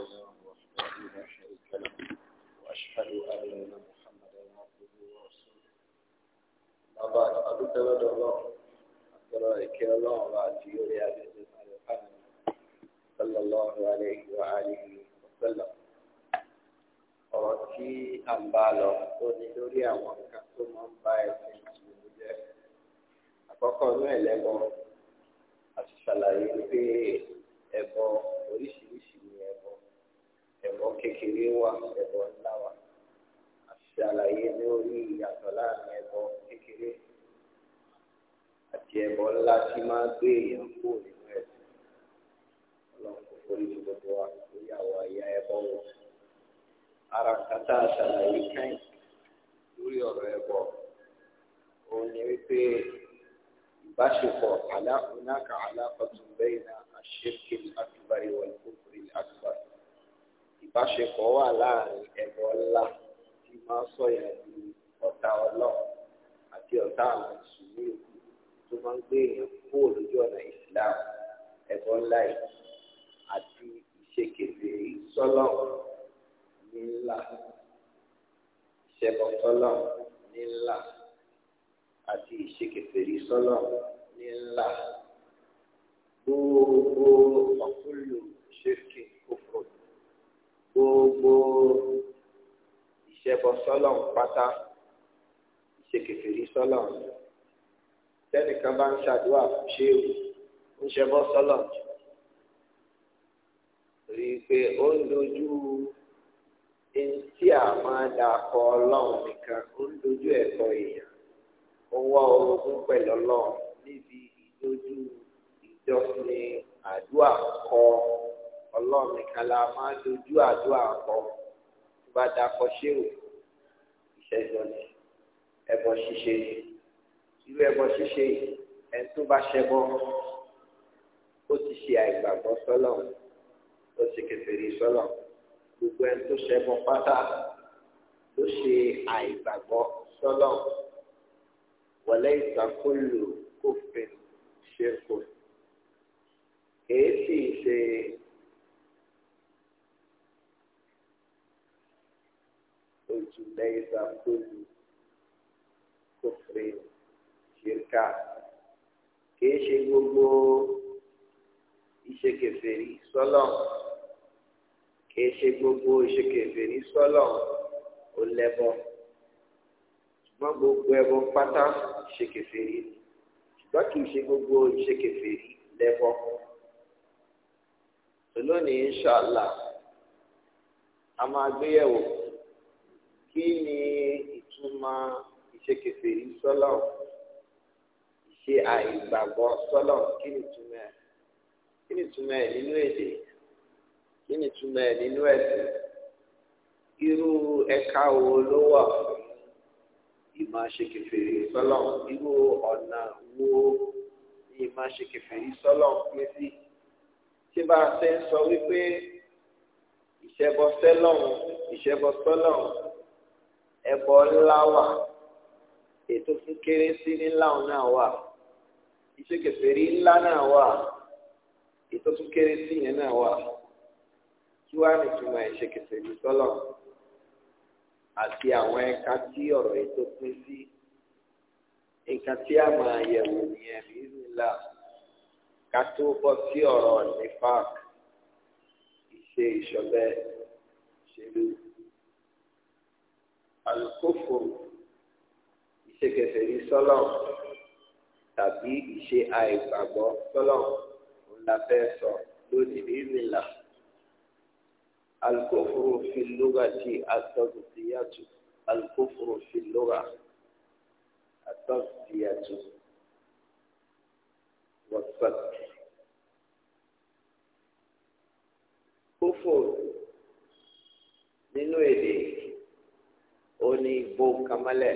الله وحده لا شريك له وأشهد أن محمدا عبده ورسوله ما بعد أبدا لدى الله أدرك الله وأتي يولي عزيز محمد صلى الله عليه وآله وسلم ọ̀rọ̀ tí a ń bá lọ tó ní lórí àwọn nǹkan tó máa ń bá ẹ̀sìn ìṣòro jẹ́ àkọ́kọ́ inú ẹ̀lẹ́gbọ́n àti ṣàlàyé pé ẹ̀bọ oríṣiríṣi ẹ̀bọ kékeré wà ẹ̀bọ ńlá wà àti àlàyé lórí ìyàtọ̀ láàrin ẹ̀bọ kékeré àti ẹ̀bọ ńlá tí máa gbé èèyàn kú nínú ẹ̀sìn ọlọ́run kò forí ju gbogbo wa lórí àwọn ẹ̀yà ẹ̀bọ wọn ara kàtà àṣàlàyé kẹ́yìn lórí ọ̀rọ̀ ẹ̀bọ òun ni wípé ìbáṣepọ̀ alákùnákà alákọ̀tún bẹ́ẹ̀ náà àṣekè àtúbárí wọ̀lú kúkúrú àtúbárí ìbáṣepọ̀ wà láàrin ẹ̀bọ ńlá tí máa sọ̀yà di ọ̀tá ọlọ́run àti ọ̀tá àwọn ìṣúlẹ̀ òkú tó máa ń gbé èèyàn kúrò lójú ọ̀nà Islam ẹ̀bọ ńlá yìí àti ìṣèkèdè sọ́lọ́run ní ńlá ìṣẹ̀bọ̀ sọ́lọ́run ní ńlá àti ìṣekèfèrè sọ́nà ní ńlá gbogbo ọ̀pọ̀lù ṣèkè gbogbo ìṣẹ́bọ sọ́lọ̀ pátá ìṣèkèfèrí sọ́lọ̀ tẹ́nìkan bá ń ṣàdúrà fún ṣéwù ń ṣẹbọ sọ́lọ̀ rí i pé ó ń dojú tí a máa da akọ ọlọ́run nìkan ó ń dojú ẹ̀kọ́ èèyàn ó wá orogún pẹ̀lú ọlọ́run níbi ìdojú ìjọsìn àdúrà kọ́ ọ ọlọ́run nìkan la máa dojú àdúrà kọ tó bá dakọ ṣéwò ìṣẹ́jọ ni ẹbọ ṣíṣe irú ẹbọ ṣíṣe ẹni tó bá ṣẹbọ ó ti ṣe àìgbàgbọ́ sọ́lọ̀ ó ti kèfèrí sọ́lọ̀ gbogbo ẹni tó ṣẹbọ pátá ló ṣe àìgbàgbọ́ sọ́lọ̀ wọlé ìsàkólò kófin ṣe kò kèé sì ṣe. قلت ليس كل كفر شركا kìí ṣe gbogbo iṣẹ́ kèfèrí sọ́lọ̀ kìí ṣe gbogbo iṣẹ́ kèfèrí sọ́lọ̀ ó lẹ́bọ ṣùgbọ́n gbogbo ẹbọ pátá iṣẹ́ kèfèrí ṣùgbọ́n kìí ṣe gbogbo iṣẹ́ kèfèrí lẹ́bọ lónìí inṣàlá a máa gbéyẹ̀wò kí ni ìtumọ̀ ìṣekèfèrí sọ́lọ̀ ìṣe àìgbàgbọ́ sọ́lọ̀ kí ni ìtumọ̀ ẹ̀ kí ni ìtumọ̀ ẹ̀ nínú èdè kí ni ìtumọ̀ ẹ̀ nínú ẹ̀sìn irú ẹ̀ka wo ló wà fún ìmọ̀ ṣekèfèrí sọ́lọ̀ irú ọ̀nà wo ni ìmọ̀ ṣekèfèrí sọ́lọ̀ pín sí tí bá a ṣe ń sọ wípé ìṣẹ́bọ sẹ́lọ̀ ìṣẹ́bọ sọ́lọ̀ ẹbọ ńlá wà ètò fún kérésì ńlá náà wà iṣẹ́ kèfèrí ńlá náà wà ètò fún kérésì yẹn náà wà kí wàá nìtumọ̀ iṣẹ́ kèfèrí sọ́lọ̀ àti àwọn ẹ̀ka tí ọ̀rọ̀ ètò pín sí nǹkan tí a máa yẹ̀wò nìyẹn nínú ìlà ká tó bọ́ sí ọ̀rọ̀ nífàk ìṣe ìṣọ̀bẹ ìṣèlú àlùkòfò ìṣekẹsẹ̀ yìí sọ́lọ̀ tàbí ìṣe àìgbàgbọ́ sọ́lọ̀ ńlá fẹ́ sọ lónìí nílà àlùkòfò fi lóga ti àtọ́gùtìyàtù àlùkòfò fi lóga àtọ́gùtìyàtù wọ́pẹ́tù. Kófò nínú èdè ó ní bó kamalẹ̀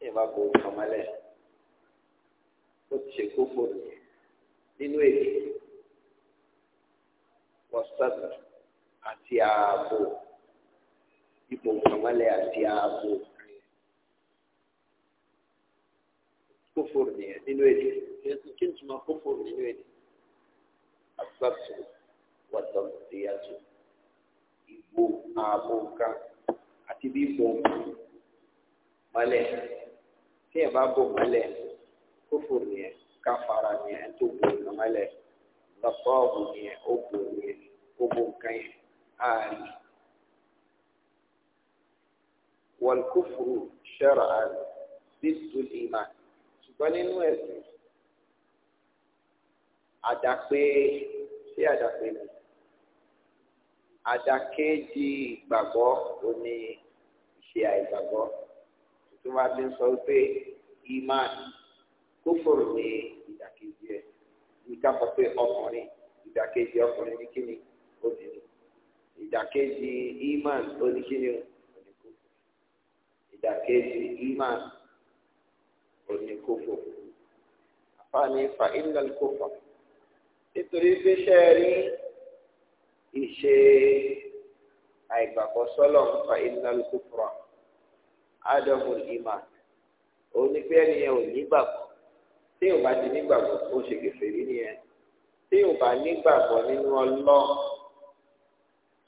ní ìbá bó kamalẹ̀ ó ti ṣe kókó nínú èdè wọ́sítàtà àti ààbò ipò kamalẹ̀ àti ààbò kókó nìyẹn nínú èdè kí n tún máa kókó nínú èdè àti sàtúnṣe wọ́sítàtà àti bo ààbò nǹkan àti bí bo mọ́lẹ̀ tí ẹ̀ bá bo mọ́lẹ̀ kófò nìyẹn káfara nìyẹn tó bo nǹkan mọ́lẹ̀ lọ́pọ̀ọ̀bù nìyẹn ó bo nìyẹn ó bo nǹkan yẹn ààrì. والكفر شرعا ضد الإيمان ṣùgbọ́n nínú ẹ̀sìn àdàpé sí àdàpé nìyẹn àdàkejì ìgbàgbọ́ òní ìṣe àìgbàgbọ́ tuntun wa ti ń sọ pé iman kófòrò ní ìdàkejì ẹ̀ nìkan sọ pé ọkùnrin ìdàkejì ọkùnrin ní kíni obìnrin ìdàkejì iman oníkíni oníkófò ìdàkejì iman oníkófò àfààní fa ìlànà kófò nítorí pé ṣẹ́ẹ̀rí ìṣe àìgbàgbọ́ sọ́lọ̀ ń fa innal kufra adamul iman òun ni pé ẹnìyẹn ò nígbàgbọ́ tí ò bá ti nígbàgbọ́ ó ṣe kèfèrí nìyẹn tí ò bá nígbàgbọ́ nínú ọlọ́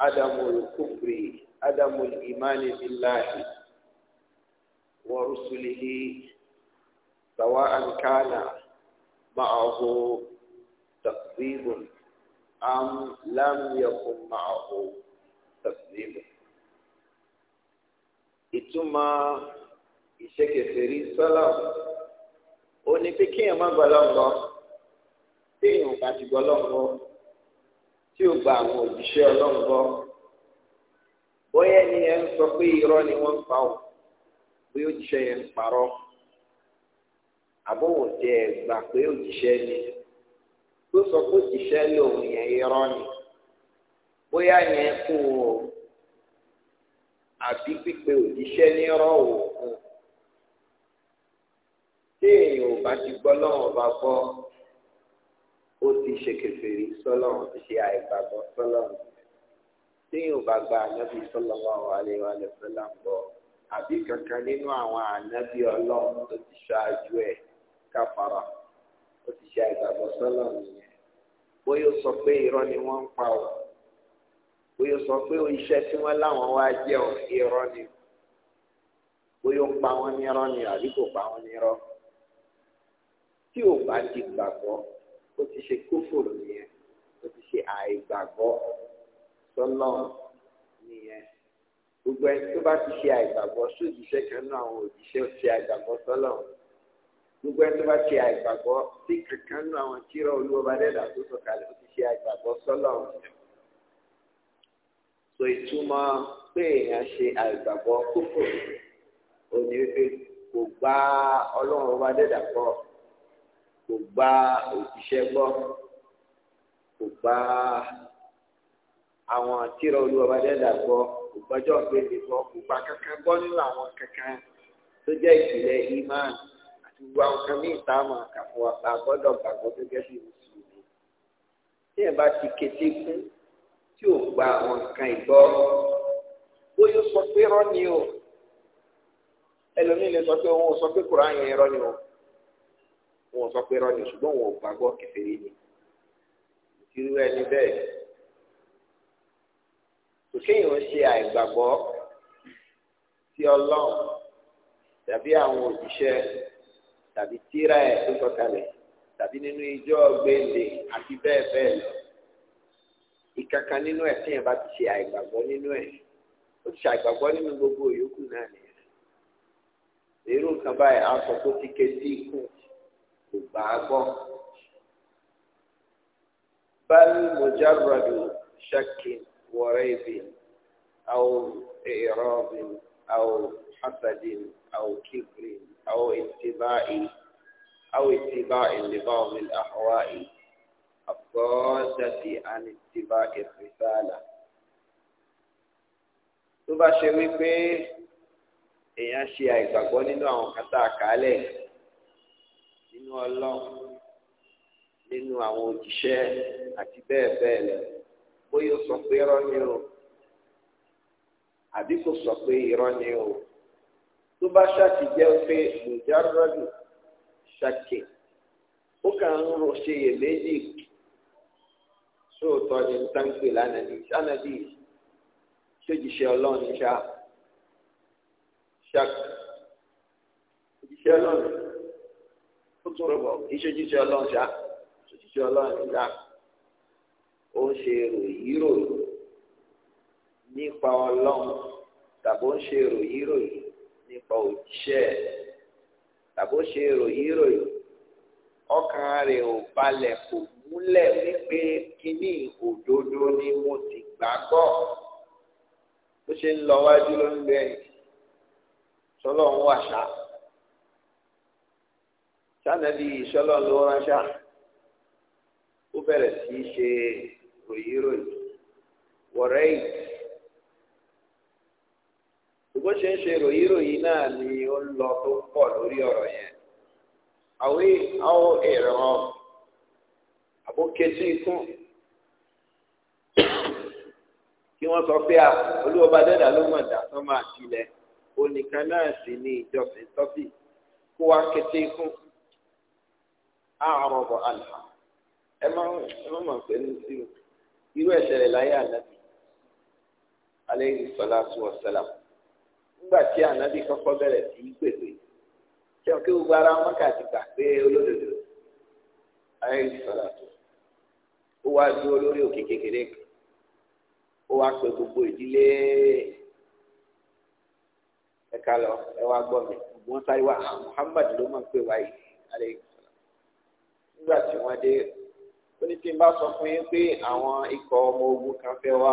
adamul kufri adamul imani billahi wa rusulihi sawa'an kana ma'ahu taqdibun. أم لم يكن معه تسليم ìtumọ̀ ìṣekèfèrí sọ́lá ò ní pé kéèyàn má gbọ́ lọ́ngọ́ téèyàn bá ti gbọ́ lọ́ngọ́ tí ò gba àwọn òjíṣẹ́ ọlọ́ngọ́ bóyá ẹni yẹn ń sọ pé irọ́ ni wọ́n pa ọ́ bí òjíṣẹ́ yẹn ń parọ́ àbọ̀wò tẹ̀ gbà pé òjíṣẹ́ ni tó sọ pé òṣìṣẹ́ lòun yẹn irọ́ ni bóyá yẹn kú o àbí pípe òṣìṣẹ́ ní irọ́ o fún tí èèyàn ò bá ti gbọ́ lọ́wọ́ bá gbọ́ ó ti ṣe kèfèrí sọ́lọ́run ti ṣe àìgbàgbọ́ sọ́lọ́run téèyàn ò bá gba ànábì sallallahu alaihi wa sallam gbọ́ àbí kankan nínú àwọn ànábì ọlọ́run tó ti ṣáájú ẹ̀ káfara ó ti ṣe àìgbàgbọ́ sọ́lọ́run yẹn bóyá ó sọ pé irọ́ ni wọ́n ń pa ọ́ bóyá ó sọ pé iṣẹ́ tí wọ́n láwọn wá jẹ́ ọ́ irọ́ ni bóyá ó ń pa wọ́n ní irọ́ ni àbí kò pa wọ́n ní irọ́ tí ò bá ti gbàgbọ́ ó ti ṣe kófòrò nìyẹn ó ti ṣe àìgbàgbọ́ sọ́lọ́ nìyẹn gbogbo ẹni tó bá ti ṣe àìgbàgbọ́ sóòjì kan náà àwọn òjíṣẹ́ ti àìgbàgbọ́ sọ́lọ́ nìyẹn gbogbo ẹni tó bá ṣe àìgbàgbọ́ sí kankan nínú àwọn tírà olúwọba dẹ́dà tó sọ̀kalẹ̀ ó ti ṣe àìgbàgbọ́ sọ́lọ̀ so ìtumọ̀ pé èèyàn ṣe àìgbàgbọ́ kókò òní wípé kò gbà ọlọ́run ọba dẹ́dà gbọ́ kò gbà òjíṣẹ́ gbọ́ kò gbà àwọn tírà olúwọba dẹ́dà gbọ́ kò gbọ́jọ́ pé nìkan kò gbà kankan gbọ́ nínú àwọn kankan tó jẹ́ ìpìlẹ̀ imáàlì àti gbogbo àwọn kan ní ìta àmọ́ àkàfọ́ àpá gbọ́dọ̀ gbàgbọ́ gẹ́gẹ́ bí mùsùlùmí tí ẹ̀ bá ti kété kún tí ò gba àwọn nǹkan ìgbọ́ bóyá sọ pé rọ́ ni o ẹlòmíì lè sọ pé òun ò sọ pé Kùránì yẹn rọ́ ni o òun ò sọ pé rọ́ ni ṣùgbọ́n òun ò gbàgbọ́ kèfèrí ni irú ẹni bẹ́ẹ̀ kò ṣe àìgbàgbọ́ sí Ọlọ́run tàbí àwọn òjíṣẹ́ tàbí tíra ẹ̀ tó sọ̀kalẹ̀ tàbí nínú ijó gbélé àti bẹ́ẹ̀ bẹ́ẹ̀ lọ ìkàkà nínú ẹ̀ tí yẹn bá ti ṣe àìgbàgbọ́ nínú ẹ̀ ó ti ṣe àìgbàgbọ́ nínú gbogbo yòókù náà nìyẹn èrò nǹkan báyìí á sọ pé kíkẹ́ sí ikú kò gbà á gbọ́ báyìí mojarradu shakin waraibin aw i'rabin aw hasadin aw kibrin. أو اتباع أو اتباع لبعض الأهواء الضالة عن اتباع الرسالة tó bá ṣe wípé èèyàn ṣe àìgbàgbọ́ nínú àwọn kata àkálẹ̀ nínú ọlọ́run nínú àwọn òjíṣẹ́ àti bẹ́ẹ̀ bẹ́ẹ̀ lọ bóyá ó sọ pé irọ́ ni o àbí kò sọ pé irọ́ ni o tó bá ṣàtijẹ́ pé mùjárọ́dù ṣàkè ó kàn ń ro ṣe iyèméjì sóòótọ́ ni táǹpì lánàbí lánàbí ṣèjìṣẹ́ ọlọ́run ṣá ṣàk ìjìṣẹ́ ọlọ́run ó tún rọ̀bọ̀ ìṣèjìṣẹ́ ọlọ́run ṣá ìṣèjìṣẹ́ ọlọ́run ṣá ó ń ṣe ròyìnròyìn nípa ọlọ́run tàbí ó ń ṣe ròyìnròyìn. nípa òjíṣẹ́ tàbó ṣe ròyìn ròyìn ọkàn rẹ̀ ò balẹ̀ kò múlẹ̀ wípé kínní òdodo ni mo ti gbàgbọ́ bó ṣe ń lọ wájú ló ń gbẹ̀yìn sọlọ ń wàṣà sànẹ́bí sọlọ ó bẹ̀rẹ̀ sí í ṣe ròyìn bó ṣe ń ṣe ròyìnròyìn náà ni ó ń lọ tó ń pọ̀ lórí ọ̀rọ̀ yẹn àwé àwọn èrò àbókẹ́sí ikún kí wọ́n sọ pé à olúwọba dẹ́dà ló mọ̀ dá sọ́mọ́ àtìlẹ̀ onìkan náà sì ní ìjọsìn tọ́sí kó wá kété ikún àrùn àlà ẹ má mọ̀ pé ní sí irú ẹ̀ṣẹ̀ rẹ̀ láyé ànábì alayhi salatu wa nígbà tí ànábì kọ́kọ́ bẹ̀rẹ̀ sí í pèpè tí wọn kí gbogbo ara wọn kàti gbà pé olódodo ayé ìsọlá tó ó wá dúró lórí òkè kékeré kan ó wá pe gbogbo ìdílé ẹ̀ka lọ ẹ wá gbọ́ mi wọn sáré wá ah, Muhammad ló máa ń pè wáyé ayé ìsọlá nígbà tí wọn dé ó ní tí n bá sọ fún yín pé àwọn ikọ̀ ọmọ ogun kan fẹ́ wá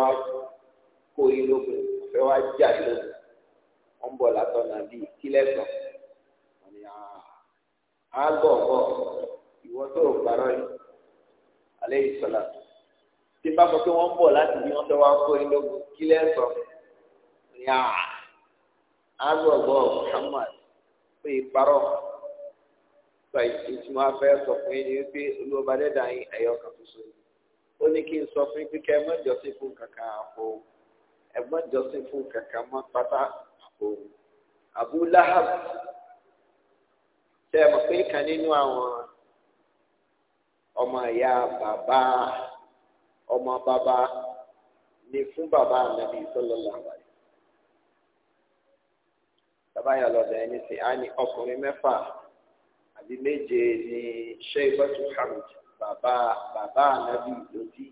kó yín lógun fẹ́ wá jà lógun ń bọ̀ látọ̀nà bíi kílẹ̀sọ̀ wọ́n ní àgbọ̀ngbọ̀ ah, ìwọ tó o parọ́ yìí alẹ́ ìsọ̀lá tí bá sọ pé wọ́n ń bọ̀ láti bí wọ́n fẹ́ wá kó ẹlógún kílẹ̀sọ̀ wọ́n ní àgbọ̀ngbọ̀ ah, Muhammad pé ìparọ́ sọ ìtumọ̀ afẹ́ sọ fún yín ni pé olúwa dẹ́dà yín ẹ̀yọ́ kan tó so ó ní kí n sọ fún yín pé kẹ́ ẹ mọ́ fún kankan àpò ẹ̀gbọ́n ìjọsìn fún kankan mọ́ pátá òun Abu Lahab ṣe é mọ̀ pé kan nínú àwọn ọmọ ìyá bàbá ọmọ bàbá ni fún bàbá ànábì sọlọ́lá àbáyé tabayà lọ́dọ̀ ẹni sìn á ní ọkùnrin mẹ́fà àbí méje ní Sheibatu Hamd bàbá bàbá ànábì lòdì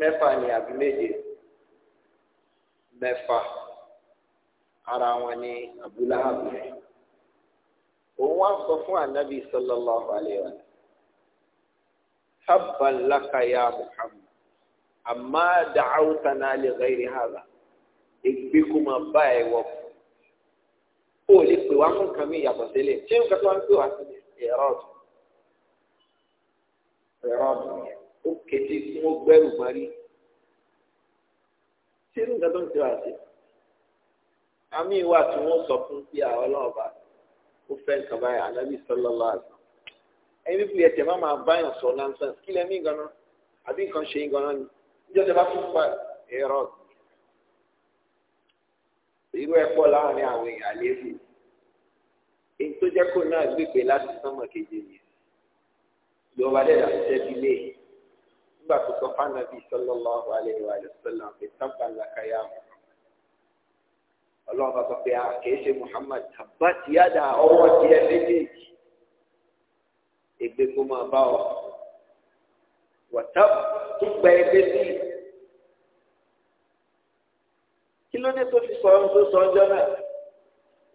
mẹ́fà ni àbí méje mẹ́fà ara wọn ní abúláhàbù rẹ̀ òun wá sọ fún anabi sallallahu alayhi wa habban laka ya muhammad amma da'awtana li ghayri hadha egbe kó máa bá ẹ wọ ó lè pè wá fún kàmí ìyàtọ̀ sílẹ̀ ṣé nǹkan tó wá ń pè wá sílẹ̀ ẹ̀rọ ọ̀dùn ẹ̀rọ ọ̀dùn ó kété tí wọ́n gbẹ́rù ṣé nǹkan tó ń pè wá sílẹ̀ àmì ìwà tí wọ́n sọ fún sí àwọn ọlọ́ọ̀bà ó fẹ́ nǹkan báyìí ànábì sọlọ́lá àgbà ẹni bí ẹ̀tẹ̀ má máa báyàn sọ nonsense kí lẹ́mí ganan àbí nǹkan ṣe ganan ni níjọ́ tẹ bá tún pa ẹ̀rọ irú ẹ̀ pọ̀ láàrin àwọn èèyàn àléébù èyí tó jẹ́ kó náà gbègbè láti sánmọ̀ keje yẹn ìjọba dẹ́dà ṣẹ́bi lé nígbà tó sọ fánàbí sọlọ́lá àgbà àlẹ́ ìwà àlẹ́ sọlá sábà làkàyà mọ́ ọlọ́run bá sọ pé a kìí ṣe muhammad àbá ti yáda ọwọ́ ti ẹ méjèèjì ègbé kó máa bá ọ wọ́tá tún gba ẹgbẹ́ sí i kí ló dé tó fi sọ ọ́n tó sọ ọjọ́ náà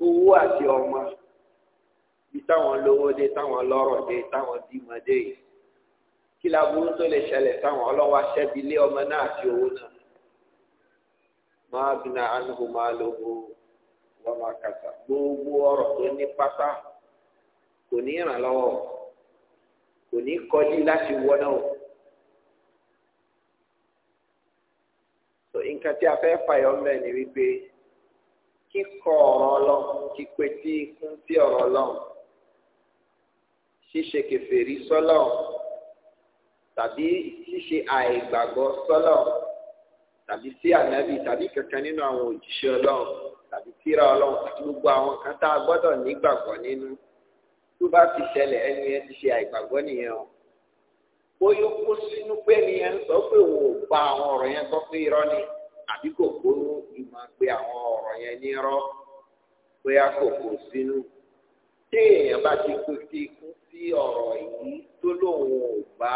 owó àti ọmọ bí táwọn lówó dé táwọn lọ́rọ̀ dé táwọn bímọ dé yìí kí láburú tó lè ṣẹlẹ̀ táwọn ọlọ́wọ́ aṣẹ́bi lé ọmọ náà àti owó náà máa bìnà ànàhùn máa lòwò wọ́n máa kàtà gbogbo ọ̀rọ̀ tó ní pátá kò ní ìrànlọ́wọ́ kò ní kọjú láti wọ́nà o. so nǹkan tí a fẹ́ fàyọ ń bẹ̀ ni wípé kíkọ ọ̀rọ̀ ọlọ́run kípe tí kún sí ọ̀rọ̀ ọlọ́run ṣíṣe kèfèrí sọ́lọ́run tàbí ṣíṣe àìgbàgbọ́ sọ́lọ́run tàbí sí ànábì tàbí kankan nínú àwọn òjíṣẹ́ ọlọ́run tàbí tírà ọlọ́run àti gbogbo àwọn kan tá a gbọ́dọ̀ nígbàgbọ́ nínú tó bá ti ṣẹlẹ̀ ẹni yẹn ti ṣe àìgbàgbọ́ nìyẹn o bóyá kó sínú pé ẹni yẹn ń sọ pé òun ò gba àwọn ọ̀rọ̀ yẹn gbọ́ pé irọ́ ni àbí kò kó ìmọ̀ pé àwọn ọ̀rọ̀ yẹn ní irọ́ bóyá kò kó sínú tí èèyàn bá ti kú sí ọ̀rọ̀ yìí tó lóun ò gbà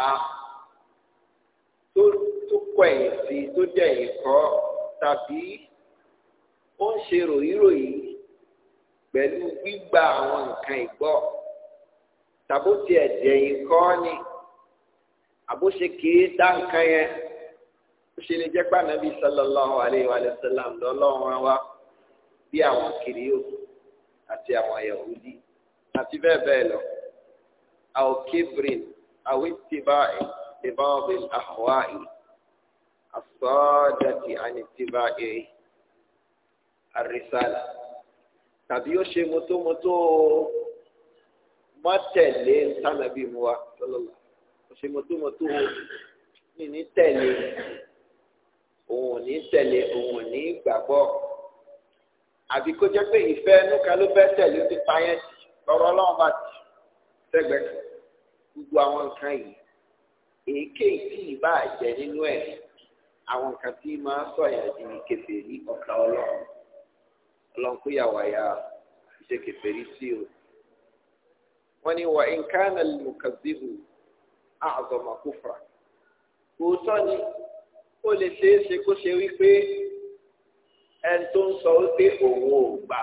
tó tó kọ ẹ̀yìn sí tó jẹ́ ẹ̀yìn kọ́ tàbí ó ń ṣe ròyìnròyìn pẹ̀lú gbígba àwọn nǹkan ìgbọ́ tàbó ti ẹ̀jẹ̀ yìí kọ́ ni àbóṣe kìí dá nǹkan yẹn ó ṣe lè jẹ́ pé ànábì sallallahu alayhi wa sallam lọ́lọ́run wa bí àwọn kìrìó àti àwọn yahudi àti bẹ́ẹ̀ bẹ́ẹ̀ lọ àwọn kébìrì àwọn ìtìbáyìí. ببعض الأهواء الصادة عن اتباع الرسالة tàbí ó ṣe mọ́tòmọ́tò mọ́tẹ̀lé ntànàbí mu wa lọ́lọ́lá ó ṣe mọ́tòmọ́tò ní ní tẹ̀lé òun ò ní tẹ̀lé òun ò ní gbàgbọ́ àbí kó jẹ́ pé ìfẹ́ ẹnúkan ló fẹ́ tẹ̀lé ó ti pa yẹn tì lọ́rọ́ bá tì sẹ́gbẹ̀ẹ́ gbogbo àwọn nǹkan yìí èyíkéyìí tí ìbá jẹ nínú ẹ̀ àwọn nǹkan tí máa sọ̀yà di kèfèrí ọ̀tá ọlọ́run ọlọ́run kó yà wáyà ṣe kèfèrí sí o wọ́n ní wà ìǹkánà lùkàzíhù àzọ̀mà kúfà òótọ́ ni ó lè ṣeé ṣe kó ṣe wípé ẹni tó ń sọ wípé òun ò gbà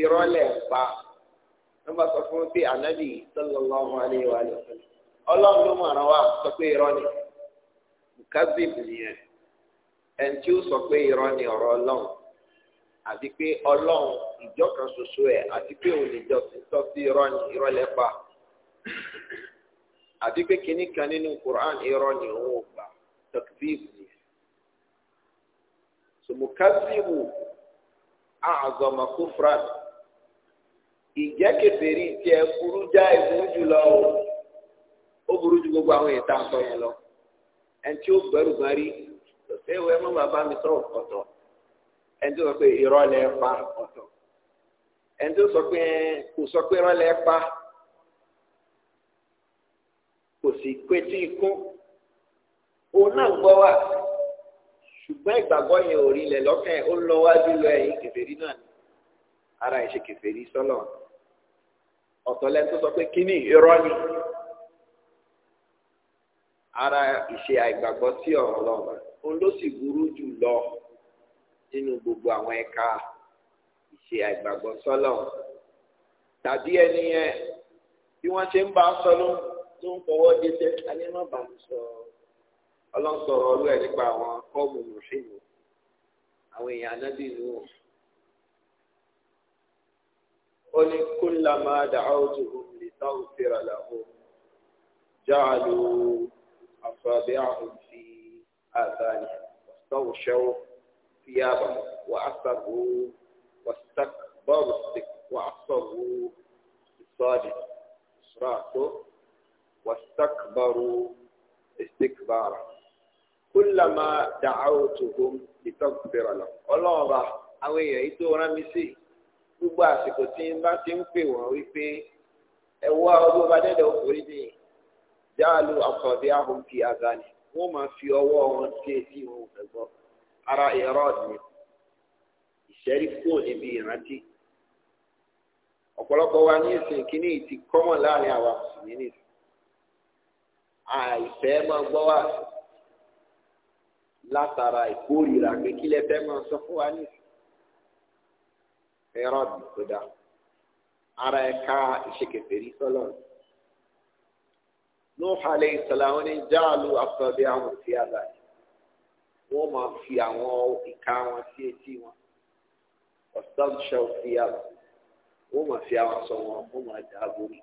irọ́ lẹ̀ ń pa wọ́n bá sọ fún wípé ànábì sallallahu alaihi wa sallam ọlọ́run ló mọ̀ràn wa sọ pé irọ́ ni mukazib nìyẹn ẹni tí ó sọ pé irọ́ ni ọ̀rọ̀ ọlọ́run àti pé ọlọ́run ìjọ kan ṣoṣo ẹ̀ àti pé òun ìjọ ti tọ́ sí irọ́ ni irọ́ lẹ́pa àti pé kinní kan nínú Quran irọ́ ni òun ò gbà takzib nìyẹn so mukazibu àzọmọ kúfra ìjẹ́kẹ̀fẹ̀rí tiẹ̀ kúrú já ìmú jùlọ o ó burú ju gbogbo àwọn èyí tá à ń sọ yẹn lọ ẹni tí ó gbẹrù gan rí ṣé ìwé mọ bàbá mi sọ ọ̀tọ̀ ẹni tó sọ pé ìrọ̀lẹ́ pa ọ̀tọ̀ ẹni tó sọ pé kò sọ pé ìrọ̀lẹ́ pa kò sì pé tí ikú òun náà gbọ́ wá ṣùgbọ́n ìgbàgbọ́ yẹn ò rí ilẹ̀ lọ́kàn ó lọ wájú lọ ẹ̀yìn kèfèrí náà ni ara ìṣe kèfèrí sọ́lọ̀ ọ̀tọ̀ lẹ́nu tó sọ pé kíní irọ́ ni ara ìṣe àìgbàgbọ́ sí ọ̀rọ̀ lọ́wọ́ òun ló sì burú jù lọ nínú gbogbo àwọn ẹ̀ka ìṣe àìgbàgbọ́ sọ́lọ̀ tàbí ẹni yẹn bí wọ́n ṣe ń bá a sọ ló ń fọwọ́ jẹjẹ anímọ̀bà ń sọ ọlọ́sọ̀rọ̀ ọlú ẹ̀ nípa àwọn kọ́ọ̀mù mùsùlùmí àwọn èèyàn anábì nù ọ́ ó ní kullama da'awtuhum litaghfira lahum ja'alu. أصابعهم في آذانهم واستغشوا ثيابهم وأسروا واستكبروا وأصروا بالصادق إصراره واستكبروا استكبارا كلما دعوتهم لتغفر لهم ọlọ́ọ̀ba àwọn èèyàn yìí tó rán mi sí gbogbo àsìkò tí n bá ti ń pè wọ́n wípé ẹ wá ọdún ọba dẹ́dẹ́ òkúrí nìyí jáàlú àkọ́bí ahùn fi àdáni wọ́n máa fi ọwọ́ wọn sí etí wọn ẹ̀gbọ́ ara ẹ̀rọ ni ìṣẹ́rí kúrò níbi ìrántí ọ̀pọ̀lọpọ̀ wa ní ìsìn kínní ti kọ́mọ̀ láàrin àwa mùsùlùmí nìsín àìfẹ́ máa gbọ́ wà látara ìkórìíra pé kí lẹ fẹ́ máa sọ fún wa nìsín ẹ̀rọ ni kódà ara ẹ̀ka ìṣèkèfèrí sọ́lọ́ọ̀nù. Nuh alayhi salam ní jáàlú afọlẹ àwọn tí a bá yìí wọ́n máa fi àwọn ìka wọn sí etí wọn ọsán ṣàwùfí àbá wọ́n máa fi àwọn sọ wọn wọ́n máa dà á borí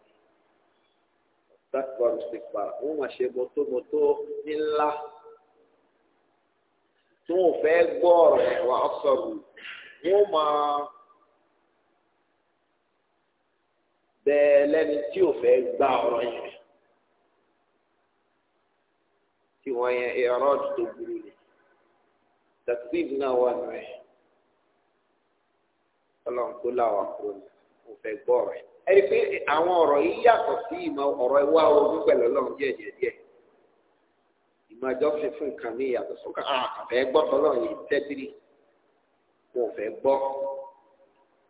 ọsán kọrù sí pa wọ́n máa ṣe mọtòmọtò ńlá tí wọ́n fẹ́ gbọ́ ọ̀rọ̀ ẹwà ọsọrù wọ́n máa bẹ́ẹ̀ lẹ́ni tí ò fẹ́ gba ọ̀rọ̀ yẹn. wọn yẹn ìrọ́d tó burú ni tẹ̀síìb náà wà nù ẹ̀ ọlọ́run kó láwà kúrò ní mo fẹ́ gbọ́ rẹ̀ ẹni pé àwọn ọ̀rọ̀ yìí yàtọ̀ sí ìmọ̀ ọ̀rọ̀ ìwà ogun pẹ̀lú ọlọ́run díẹ̀ díẹ̀ díẹ̀ ìmọ̀ ẹjọ́ fi fún nǹkan ní ìyàtọ̀ sọ́kà àfẹ́ gbọ́ tọ́lọ́run yìí tẹ́tírì mo fẹ́ gbọ́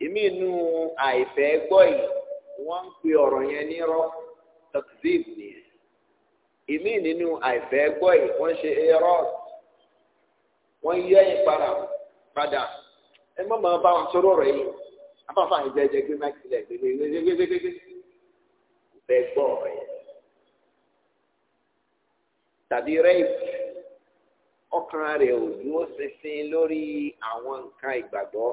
èmi inú àìfẹ́ gbọ́ yìí wọ́n ń pe ọ̀rọ̀ yẹn nírọ́ tẹ̀síìb nìyẹn ìmí nínú àìfẹ́ gbọ́ yìí wọ́n ṣe ẹ̀rọ wọ́n yẹ ẹ̀yìn padà padà ẹ má máa bá wọn sọ̀rọ̀ rẹ̀ yìí afáfá yìí jẹ́jẹ́ gbé máa tilẹ̀ gbégbégbégbégbé ìfẹ́ gbọ́ rẹ̀ tàbí rẹ́ẹ̀pì ọkàn rẹ̀ ò dúró ṣinṣin lórí àwọn nǹkan ìgbàgbọ́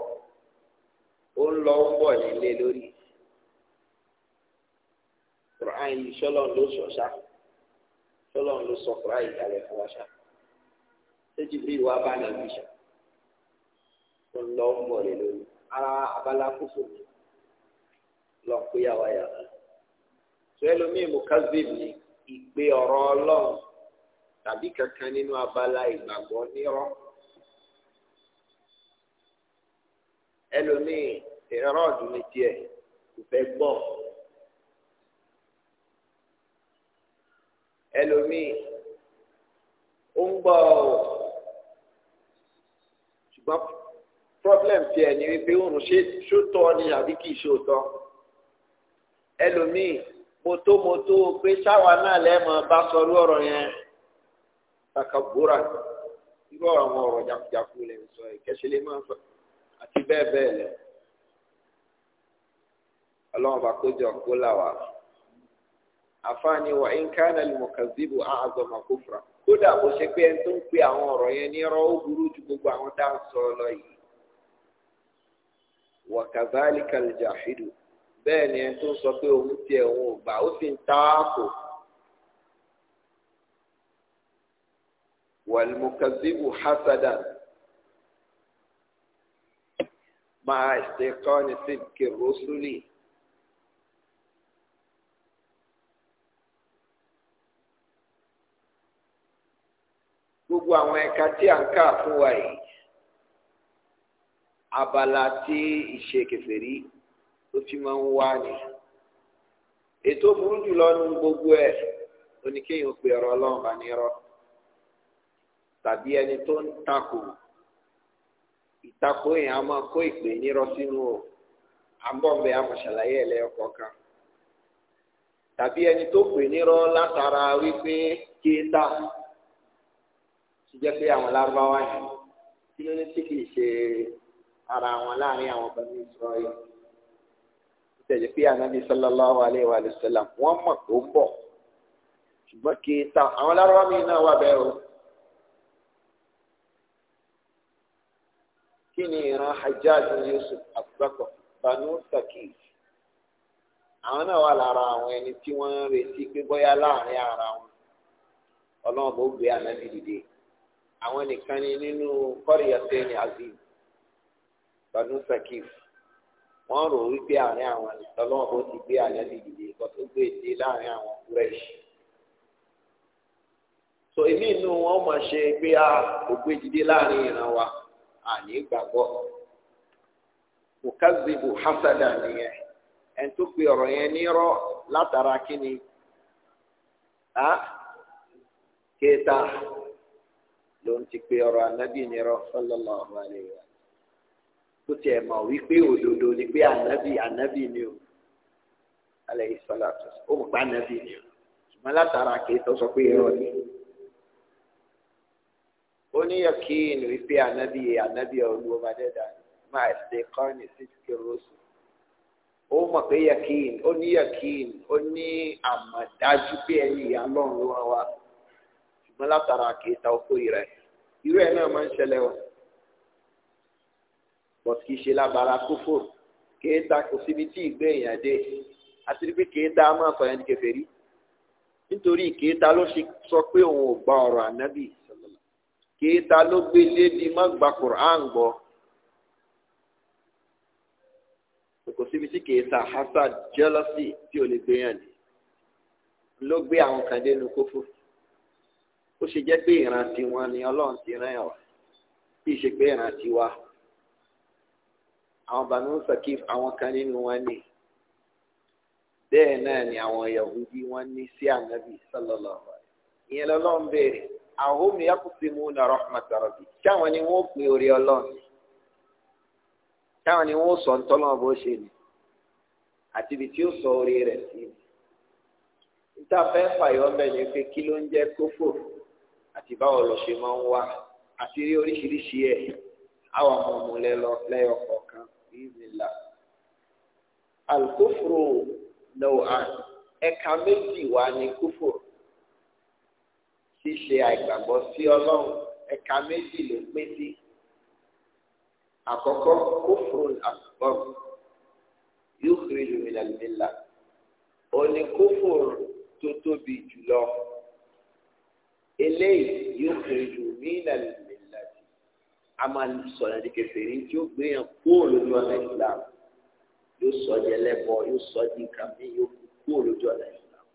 ó ń lọ ń bọ̀ nílé lórí. Quran yìí sọ́lọ́ ló sọ̀ṣà tọ́lọ́run ló sọ kúrá ìdálẹ̀ fún wa ṣá ṣé Jibril wá bá nàbí ṣá ó ń lọ ń bọ̀ lé lórí ara abala kófò mi lọ pé yàwá yàrá tó ẹlòmíì mú kazib ní ìgbé ọ̀rọ̀ ọlọ́run tàbí kankan nínú abala ìgbàgbọ́ nírọ́ ẹlòmíì ẹ̀rọ ọ̀dùnmí tiẹ̀ kò fẹ́ gbọ́. ẹlòmíì ó ń gbọ́ ọ ṣùgbọ́n problem tiẹ̀ ni wípé òun ṣe ṣótọ́ ni àbí kìí ṣótọ́ ẹlòmíì mọ́tòmọ́tò pé ṣáwa náà lẹ́mọ̀ bá sọrú ọ̀rọ̀ yẹn takabura irú àwọn ọ̀rọ̀ jakujaku lè ń sọ ìkẹ́sílẹ̀ máa ń sọ àti bẹ́ẹ̀ bẹ́ẹ̀ lọ ọlọ́run bá kó jọ kó là wá àfáàní wà ń kánà lùmọ̀kàzíbù àzọ̀mà kófra kódà bó ṣe pé ẹni tó ń pe àwọn ọ̀rọ̀ yẹn ní ọ̀rọ̀ ó burú ju gbogbo àwọn tá à ń sọ lọ yìí wà kàzálíkà lìjàfídù bẹ́ẹ̀ ni ẹni tó ń sọ pé òun tiẹ̀ òun ò ó sì ń taako wàlùmọ̀kàzíbù hasadan máa ṣe kọ́ni sí kìrọ́sùlì. gbogbo àwọn ẹ̀ka tí à ń kà fún wa yìí abala tí ìṣe kèfèrí tó fi máa ń wá ni ètò burú jùlọ nu gbogbo ẹ oníkéyìn ò pè ọ̀rọ̀ Ọlọ́run bá ní rọ tàbí ẹni tó ń takò ìtakò yẹn a máa kó ìpè nírọ sínú o à ń ẹ̀ lẹ́yọkọ̀ kan tàbí ẹni tó pè nírọ látara wípé kí é dá ti jẹ́ pé àwọn lárúbáwá yẹn kí ló ní tí kìí ṣe ara wọn láàrin àwọn bani israẹli tẹ̀lé pé anabi sallallahu alayhi wa sallam wọ́n mọ̀ tó ń bọ̀ ṣùgbọ́n kì í ta àwọn lárúbáwá mi náà wà bẹ́ẹ̀ o. kí ni ìran hajjaj yusuf abubakar banu sakif àwọn náà wà lára àwọn ẹni tí wọ́n ń retí pé bóyá láàrin ara wọn ọlọ́run bó gbé anabi dìde. àwọn nìkan ni nínú kọ́ríyàtẹ́ ní azim banu sakif wọ́n rò wípé àárín àwọn ìtọ́lọ́wọ́n bó ti gbé àyàlè ìdílé kan tó gbé èdè láàrin àwọn so èmi inú wọn máa ṣe pé a kò gbé jíde láàrin ìran wa àní gbàgbọ́ mukazibu hasada nìyẹn ẹn tó pe ọ̀rọ̀ yẹn látara ló ń ti pé ọ̀rọ̀ ànábì nírọ́ sallallahu alaihi wa tó tiẹ̀ mọ̀ wípé òdodo ni pé anabi anabi ni o alaihi salatu o pé ni o ṣùgbọ́n látara kìí tó sọ pé irọ́ ni o ní yọkíìnì wípé anabi ànábì olùwọ́madẹ́dà máa ṣe kọ́ni pé ní ní àmọ̀dájú pé ẹni ìyá lọ́run ló wá wọn látara kìíta oko rẹ̀ irú ẹ̀ náà máa ń ṣẹlẹ̀ o bọ̀t kìí ṣe lábara kófò kìíta kò síbi tí ìgbé èèyàn dé àti pé kìíta máa sọ yẹn ní kèfèrí nítorí kìíta ló ṣe sọ pé òun ò gba ọ̀rọ̀ ànábì kìíta ló gbé lédi má gba Qur'an gbọ́ kò síbi tí kìíta hasad jealousy tí ò lè gbé yàn ní ló gbé àwọn kan dénú kófò ó ṣe jẹ́ pé ìran tiwọn ni ọlọ́run ti rán ẹ̀wà bí ṣe pé ìran tiwa àwọn bàmí ń sàkíf àwọn kan nínú wọn ni bẹ́ẹ̀ náà ni àwọn yahudi wọn ní sí ànábì sallallahu ìyẹn lọ́lọ́run béèrè ahum yaqsimuna rahmata rabbi táwọn ni wọ́n pè orí ọlọ́run táwọn ni wọ́n sọ ntọ́lọ́run bó ṣe ni àti ibi tí ó sọ orí rẹ̀ sí ni níta fẹ́ fàyọ́ bẹ́ẹ̀ pé kí ló ń jẹ́ kófò àti báwo lọ ṣe máa ń wá àti rí oríṣiríṣi ẹ̀ àwọn ọmọ ọmọ lẹ́lọ lẹ́yọ kọ̀ọ̀kan ìzìlá. alukófòrò náà ẹ̀ka méjì wà ní kófòrò ṣíṣe àìgbàgbọ́ sí ọlọ́run ẹ̀ka méjì ló pín sí. àkọ́kọ́ kófòrò àkọ́kọ́ yóò kiri lómìnira lómìnira ó ní kófòrò tó tóbi jùlọ eléyìí yóò kéré ju mí ìlànà ìlànà a máa sọ̀rọ̀ ní kẹfẹ́rí tí ó gbé yàn kúrò lójú ọ̀nà ìsìlámù yóò sọ di ẹlẹ́bọ yóò sọ di kàmí yóò kúrò lójú ọ̀nà ìsìlámù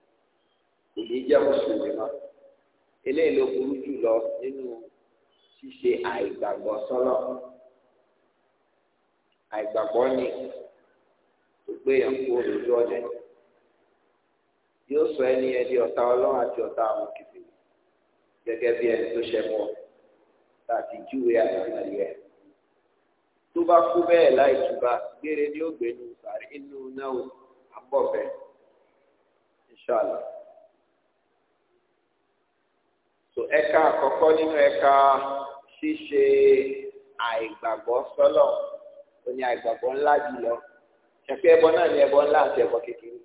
èyí jẹ́ mùsùlùmí mọ́ eléyìí ló burú jù lọ nínú ṣíṣe àìgbàgbọ́ sọ́lọ̀ àìgbàgbọ́ ni tó gbé yàn kúrò lójú ọ̀nà yóò sọ ẹni ẹni ọ̀tá ọlọ́run àti ọ̀tá àwọn kìfìrì gẹ́gẹ́ bí ẹni tó ṣẹ mọ́ láti júwe àlàyé ẹ̀. tó bá kú bẹ́ẹ̀ láì túbá gbére ní ògbénu sàrí inú náà àpọ̀bẹ inṣàlá. tó ẹ̀ka àkọ́kọ́ nínú ẹ̀ka ṣíṣe àìgbàgbọ́ sọ́lọ̀ tó ní àìgbàgbọ́ ńlá jùlọ ṣẹ̀pẹ́ ẹbọ náà ní ẹbọ ńlá àti ẹbọ kékeré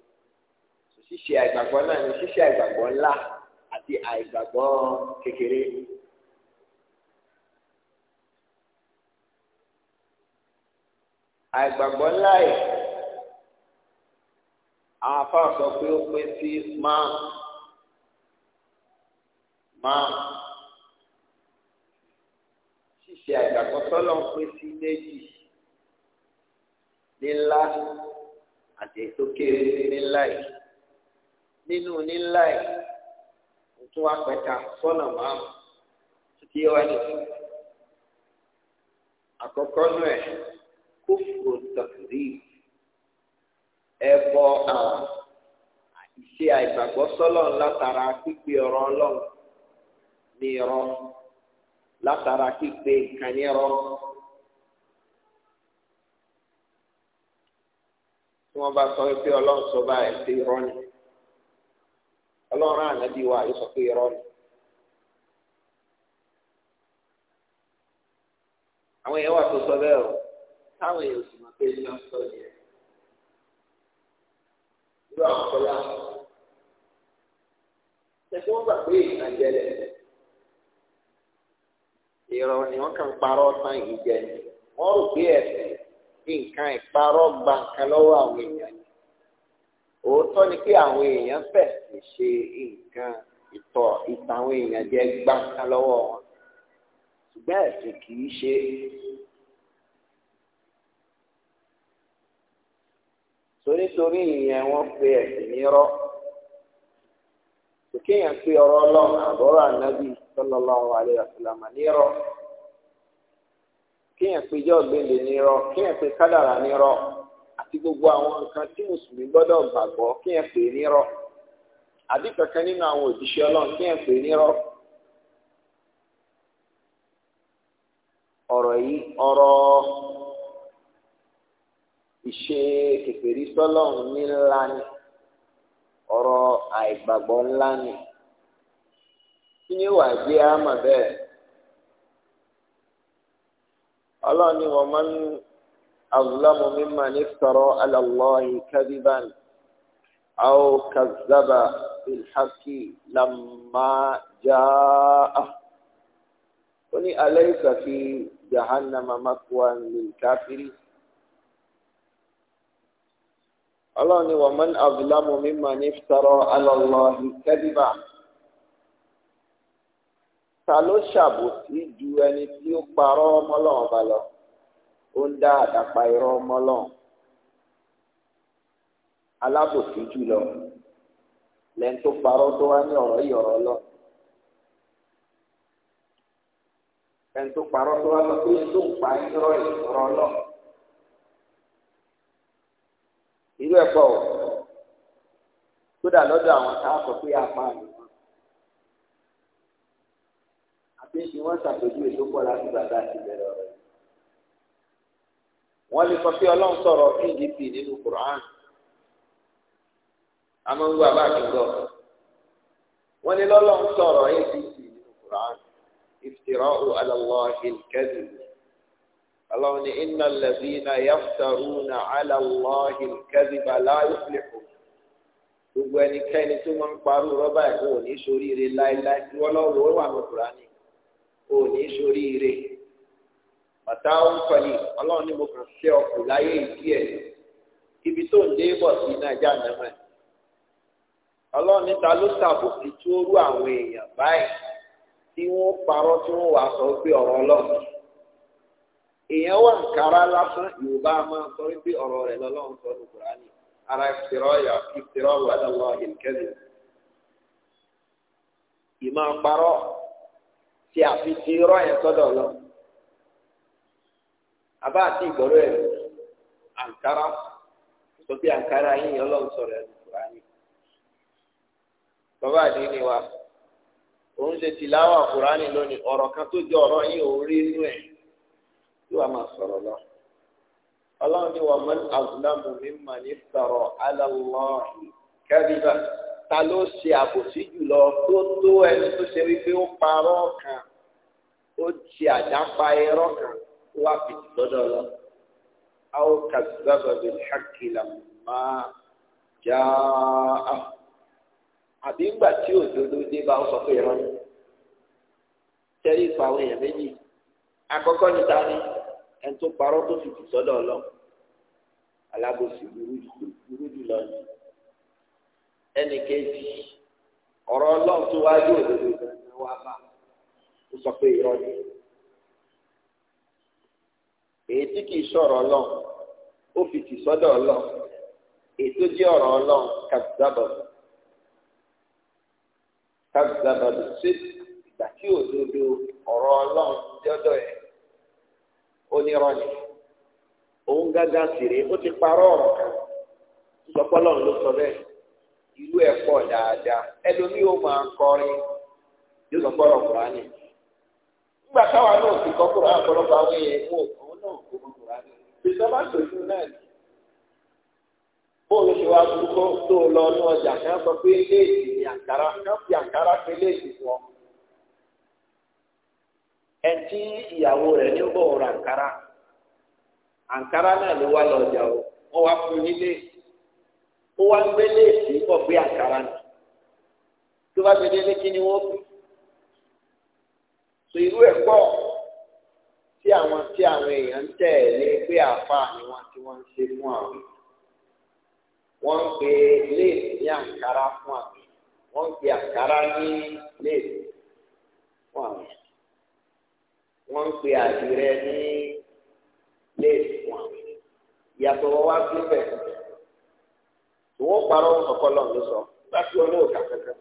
ṣíṣe àìgbàgbọ́ náà ní ṣíṣe àìgbàgbọ́ ńlá àti àìgbàgbọ́ kékeré. àìgbàgbọ́ ńlá yìí àwọn afáà sọ pé ó pín sí máa máa ṣíṣe àìgbàgbọ́ sọ́lọ́ ń pín sí méjì nílá àti ètò kéré nílá yìí nínú nílá yìí kò tún wá pẹ̀ka sọ́nà márùn títí ó wá nìkan àkọ́kọ́ nù ẹ̀ kó fòrò tọ̀kìrì ẹ̀bọ ìṣe àìgbàgbọ́ sọ́lọ̀ látara pípe ọ̀rọ̀ ọlọ́run ní irọ́ látara pípe nǹkan ní irọ́. tí wọ́n bá sọ pé ọlọ́run sọ báyìí sí irọ́ ni ọlọ́run ànábì wa yóò sọ pé irọ́ ni. àwọn èèyàn wà tó sọ bẹ́ẹ̀ o táwọn èèyàn sì máa pé ní ọ̀sọ̀ yẹn. irú àwọn ọ̀pọ̀lá ṣẹ̀ṣẹ̀ wọ́n gbà pé ìtàjẹ̀lẹ̀ irọ́ ni wọ́n kàn parọ́ tán ìjẹ ni wọ́n rò pé ẹ̀sìn nǹkan ìparọ́ gba nǹkan lọ́wọ́ àwọn èèyàn òótọ́ ni pé àwọn èèyàn fẹ́ lè ṣe nǹkan ìtọ̀ ìtàn àwọn èèyàn jẹ́ gbáǹkan lọ́wọ́ wọn ṣùgbọ́n ẹ̀sìn kì í ṣe torítorí ìyẹn wọ́n pe ẹ̀sìn nírọ́ kéèyàn pe ọ̀rọ̀ ọlọ́run àbọ̀rọ̀ ànábì sallallahu alaihi wasallam nírọ́ kéèyàn pe ìjọ́ gbélé nírọ́ kéèyàn pe kádàrà nírọ́. àti gbogbo àwọn nǹkan tí mùsùlùmí gbọ́dọ̀ gbàgbọ́ kí ẹ pè nírọ́ àbí kankan nínú àwọn òjíṣẹ́ ọlọ́run kí ẹ pè nírọ́ ọ̀rọ̀ yìí ọ̀rọ̀ ìṣe sọ́lọ́run ní ńlá ni ọ̀rọ̀ àìgbàgbọ́ ńlá ni kí ni wàá gbé àmà bẹ́ẹ̀ ọlọ́run ni wọ́n máa ń. أظلم ممن افترى على الله كذبا أو كذب بالحق لما جاءه وني أليس في جهنم مثوى للكافر الله ني ومن أظلم ممن افترى على الله كذبا ta ló ṣàbòsí ju ẹni tí ó parọ́ ọmọlọ́wọ́ bá lọ ó ń dá àdàpà irọ́ mọ́lọ́n alábòsí jùlọ lẹ́ni tó parọ́ tó wá ní ọ̀rọ̀ yìí ọ̀rọ̀ lọ. ẹni tó parọ́ tó wá lọ pé ẹni tó ń pa irọ́ yìí ọ̀rọ̀ lọ. irú ẹ̀ pọ̀ kódà lọ́dọ̀ àwọn tá a sọ pé a pa àná àti ìdí wọn ṣàpèjúwe tó pọ̀ láti gbàgbà àti ìbẹ̀rẹ̀ ọ̀rọ̀ yìí wọ́n lè sọ pé ọlọ́run sọ̀rọ̀ pdp nínú quran amóhùn bàbá àdúgbò wọ́n ní lọ́lọ́run sọ̀rọ̀ apc nínú quran iftira'u ala Allahi al-kadhib ọlọ́run ní inna alladhina yaftaruna ala Allahi al-kadhib la yuflihun gbogbo ẹnikẹ́ni tó máa ń parú rọ́bà ẹ̀ kò ní ṣoríire láéláé wọ́n lọ́wọ́ wà ní kò ní ṣoríire bàtà òǹkọ̀lì ọlọ́run ní mo ṣe ọkù láyé ìdí ẹ̀ ibi tó ń dé bọ̀ sí nàìjà nàmà ọlọ́run níta ló ṣàbòsí tí ó rú àwọn èèyàn báyìí tí wọ́n parọ́ tí wọ́n wàá sọ pé ọ̀rọ̀ ọlọ́run èèyàn wà nkàrà lásán yorùbá máa sọ pé ọ̀rọ̀ rẹ̀ lọ́lọ́run sọ ní kùránì ara ìfìrọ̀ yà ìfìrọ̀ wà lọ́wọ́ ìkẹ́lẹ̀ ìmọ̀ parọ́ ti àfi ti rọ́ yẹn sọ́dọ̀ ọlọ́run àbá àti ìgbọ́rọ̀ ẹ̀ àǹkárá sọ pé àǹkárá yìí ọlọ́run sọ̀rọ̀ ẹ̀ kúránì bàbá àdéhùn wa òun ṣe tìláwà kúránì lónìí ọ̀rọ̀ kan tó jẹ́ ọ̀rọ̀ yìí òun rí inú ẹ̀ tí wàá máa sọ̀rọ̀ lọ ọlọ́run ní wa man azlamu mimman iftara ala Allahi kadiba ta ló ṣe àbòsí jùlọ tó tó ẹni tó ṣe wípé ó parọ́ kan ó ti àdápa irọ́ kan wá fìdí lọ́dọ̀ lọ. àwọn kàzíbàbà bẹ ṣáàkì làmà já a. àbí ńgbà tí òdodo dé bá ó sọ pé ẹran tẹ́lẹ̀ ìpa àwọn èèyàn méjì àkọ́kọ́ ni ta ni ẹni tó parọ́ tó fìdí sọ́dọ̀ lọ alábòsí burú jùlọ ni ẹnì kejì ọ̀rọ̀ ọlọ́run tó wájú òdodo ìgbà wa bá ó pé irọ́ ni. èyí tí kìí sọ̀rọ̀ ọlọ́run ó fi tì sọ́dọ̀ ọlọ́run èyí tó jẹ́ ọ̀rọ̀ ọlọ́run ìgbà tí òdodo ọ̀rọ̀ ọlọ́run jọ́dọ̀ ẹ̀ onírọ̀lẹ́ òun gágá ó ti parọ́ ọ̀rọ̀ kan sọpọ́lọ́run ló sọ bẹ́ẹ̀ irú ẹ̀ pọ̀ dáadáa ti kọ́ kúrò òkú náà kò mọ kùránì ìjọba ṣòfin náà ni bóòlù ṣe wá dúró tó lọ ní ọjà kan sọ pé léèdì ní àǹkárá kan fi àǹkárá pé ìyàwó rẹ ní bọ̀ ọ̀rọ̀ àǹkárá àǹkárá náà ló wá lọ ọjà o wọ́n wá fún nílé ó wá pọ̀ pé àǹkárá tó bá ti àwọn tí àwọn èèyàn ń tẹ̀lé pé àáfàá ni wọ́n tí wọ́n ń ṣe fún àwọn wọ́n ń pe léèdì ní àǹkárá fún àwọn wọ́n ń pe àǹkárá ní léèdì fún àwọn wọ́n ń pe àdìrẹ ní léèdì fún àwọn ìyàtọ̀ wá sí bẹ́ẹ̀ tí wọ́n parọ́ ọ̀pọ̀lọ́ ló sọ láti olóòkà kankan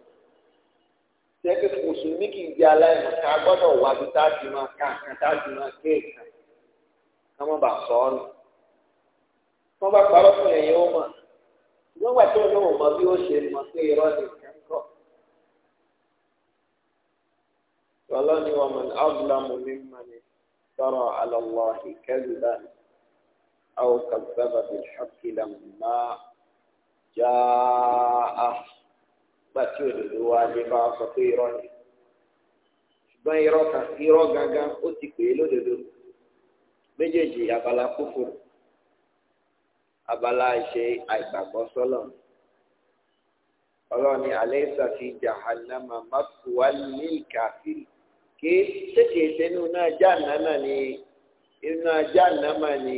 tẹ́kẹ́ mùsùlùmí kì í di aláìmọ̀ ká gbọ́dọ̀ wá bí táàtì máa ká nǹkan táàtì máa ké nǹkan ká má bàa sọ ọ́ nù. wọ́n bá parọ́ fún ẹ̀yìn ó mọ̀ wọ́n gbà tó ní òun mọ̀ bí ó ṣe mọ̀ pé irọ́ ni nǹkan kọ́. ọlọ́ni wọn mọ̀ ní abúlámù mi mọ̀ sọ̀rọ̀ àlọ́lọ́ ìkẹ́lù láàyè àwọn kàgbẹ́bà bíi ṣọ́kìlà máa gbà tí òdòdó wa lè bá sọ pé irọ́ ni ṣùgbọ́n irọ́ kan irọ́ gangan ó ti pè é lódodo méjèèjì abala kúfùrù abala ìṣe àìgbàgbọ́ sọ́lọ̀ ọlọ́ni alẹ́ ìsàfi jahannama masuwa lil kafiri kí tètè sẹ́nu náà jahannama ni inú jahannama ni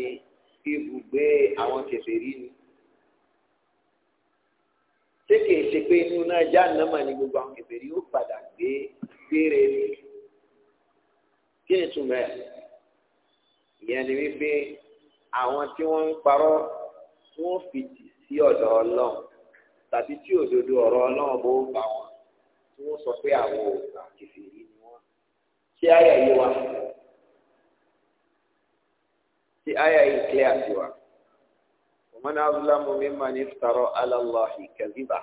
ibùgbé àwọn kèfèrí ni ṣé kìí ṣe pé inú náà já nàmà ni gbogbo àwọn kèfèrí ó padà gbé gbére ni kí ni túmọ̀ ẹ̀ ìyẹn ni wípé àwọn tí wọ́n ń parọ́ tí wọ́n fìdí sí ọ̀dọ̀ ọlọ́run tàbí tí òdodo ọ̀rọ̀ ọlọ́run bó bá wọn tí wọ́n sọ pé àwọn òògbà kèfèrí ni wọ́n ṣé àyà yìí wá ṣé àyà yìí clear sí wa man azlamu mimman iftara ala Allahi kadhiba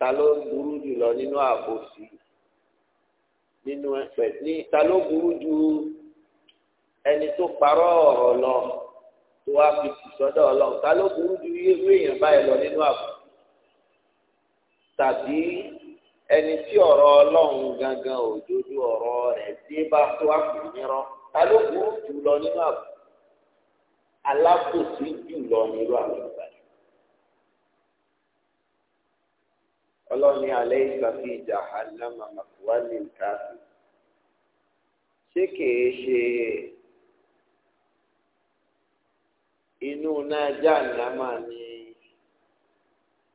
ta ló burú jùlọ nínú àbòsí nínú ẹ̀pẹ̀ ní ta ló burú ju ẹni tó parọ́ ọ̀rọ̀ lọ tó wá fi tì sọ́dọ̀ ọlọ́run ta ló burú ju irú èèyàn báyìí lọ nínú àbòsí tàbí ẹni tí ọ̀rọ̀ ọlọ́run gangan òdodo ọ̀rọ̀ rẹ̀ dé bá tó àpò nírọ́ ta ló burú jù lọ nínú àbòsí alábòsí jù lọ nírú àwọn ìbàdàn. ọlọ́ni alẹ́ ìsàfi ìjà aláma màkúwálì káàfin ṣé kìí ṣe inú nájà ńlámà ni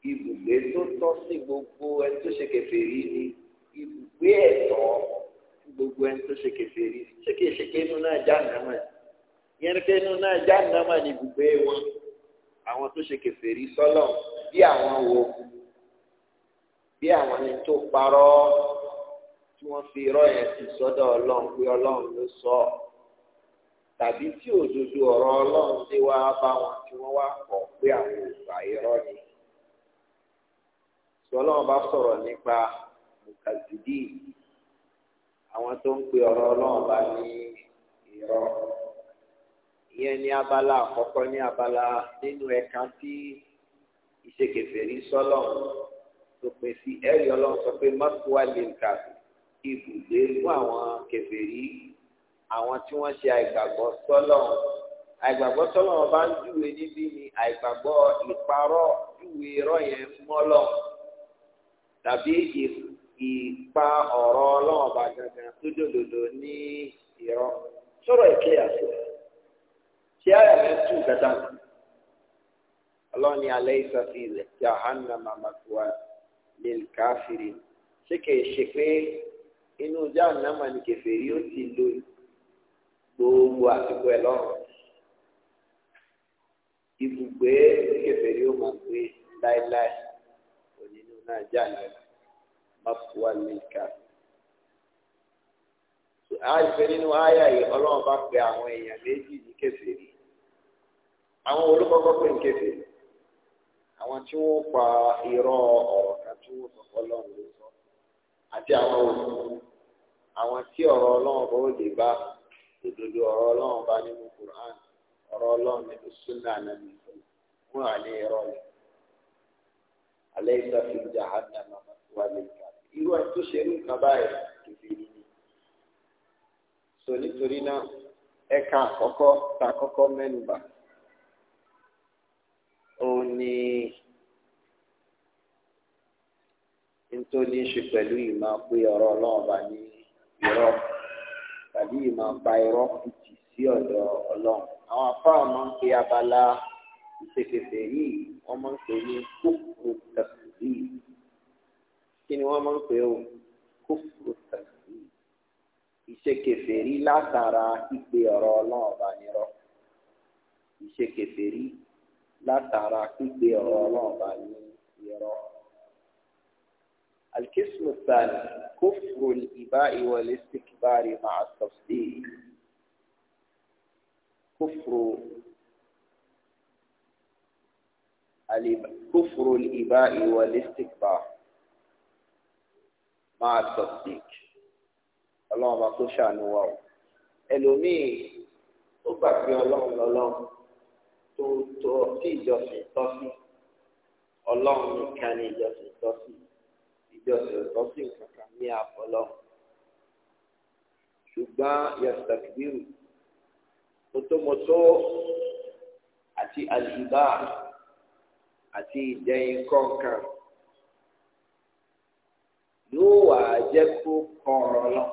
ibùgbé tó tọ́ sí gbogbo ẹni tó ṣe kèfèrí ni ibùgbé ẹ̀tọ́ gbogbo ẹni tó ṣe kèfèrí ṣé kìí ṣe pé inú nájà ńlámà ni yẹn ni pé inú náà jáǹdàmà ní ibùgbé wọn àwọn tó ṣe kèfèrí sọ́lọ̀ bí àwọn wo bí àwọn ẹni tó parọ́ tí wọ́n fi irọ́ yẹn ti sọ́dọ̀ ọlọ́run pé ọlọ́run ló sọ ọ́ tàbí tí òdodo ọ̀rọ̀ ọlọ́run dé wá bá wọn tí wọ́n wá kọ̀ pé àwọn ògbà irọ́ ni. sọlọ́run bá sọ̀rọ̀ nípa mùkàzìdì àwọn tó ń pe ọ̀rọ̀ ọlọ́run bá ní irọ́ ìyẹn ní abala àkọ́kọ́ ní abala nínú ẹ̀ka tí ìṣèkèfèrí sọ́lọ̀ tó pè sí ẹ̀rí ọlọ́run sọ pé mọ́tòwá lè kà ibùdó fún àwọn kèfèrí àwọn tí wọ́n ṣe àìgbàgbọ́ sọ́lọ̀ àìgbàgbọ́ sọ́lọ̀ wọn bá ń júwe níbí ni àìgbàgbọ́ ìparọ́ júwe irọ́ yẹn mọ́lọ̀ tàbí ìpa ọ̀rọ̀ ọlọ́run bá gangan tó dòdòdò ní irọ́ sọ̀rọ̀ ìkẹyà sọ̀rọ̀ tí àyà rẹ̀ tù gàdá ọlọ́run ní alẹ́ ìsọ̀tì ilẹ̀ tí jahannama màmàkùwà lil kafirin ṣé kìí ṣe pé inú jahannama ní kèfèrí ó ti lo gbogbo àsìkò ẹ̀ lọ́rùn ibùgbé kèfèrí ó máa gbé láéláé onínú náà jahannama màmàkùwà lil kafirin àìsè nínú àyà ọlọ́run bá pe àwọn èèyàn méjì ní kèfèrí àwọn olùkọ́kọ́ pè ń kéfì àwọn tí wọ́n pa irọ́ ọ̀rọ̀ kan tí wọ́n kọ́kọ́ lọ́run ló sọ àti àwọn òkú àwọn tí ọ̀rọ̀ ọlọ́run bó lè bá òdodo ọ̀rọ̀ ọlọ́run bá nínú Qur'an ọ̀rọ̀ ọlọ́run nínú súnà nàbì fún àní irọ́ ni alẹ́ ìsàfihàn ìjà hàdà màmá wà lè kà irú ẹni tó ṣe irú nǹkan báyìí kìfìrì ni so nítorí náà ẹ̀ka àkọ́kọ́ ta kọ́kọ́ mẹ́nubà ní nítorí ṣe pẹ̀lú ìmọ̀ pé ọ̀rọ̀ ọlọ́run bá ní irọ́ tàbí ìmọ̀ pa irọ́ kùtì sí ọ̀dọ̀ ọlọ́run àwọn afáà máa ń pe abala ìṣèkèsè yìí wọ́n máa ń pè ní kókò tàbí kí ni wọ́n máa ń pè ó kókò tàbí ìṣèkèsè rí látara ìpè ọ̀rọ̀ ọlọ́run bá ìṣèkèsè rí látara pípe ọ̀rọ̀ ọlọ́run bá ní irọ́. القسم الثاني كفر الإباء والاستكبار مع التصديق كفر كفر الإباء والاستكبار مع التصديق اللهم صل على النبي ẹlòmíì ó gbà pé ọlọ́run lọ́lọ́run tó tó tí ìjọsìn tọ́ sí ọlọ́run nìkan ni ìjọsìn tọ́ sí ìjọsìn tọ́ sí kankan ní àfọlọ́ ṣùgbọ́n yasitakibiru mọ̀tòmọ̀tò àti àlùbá àti ìdẹ́yìn kọ̀ọ̀kan yóò wà jẹ́ kó kọ̀ ọ̀rọ̀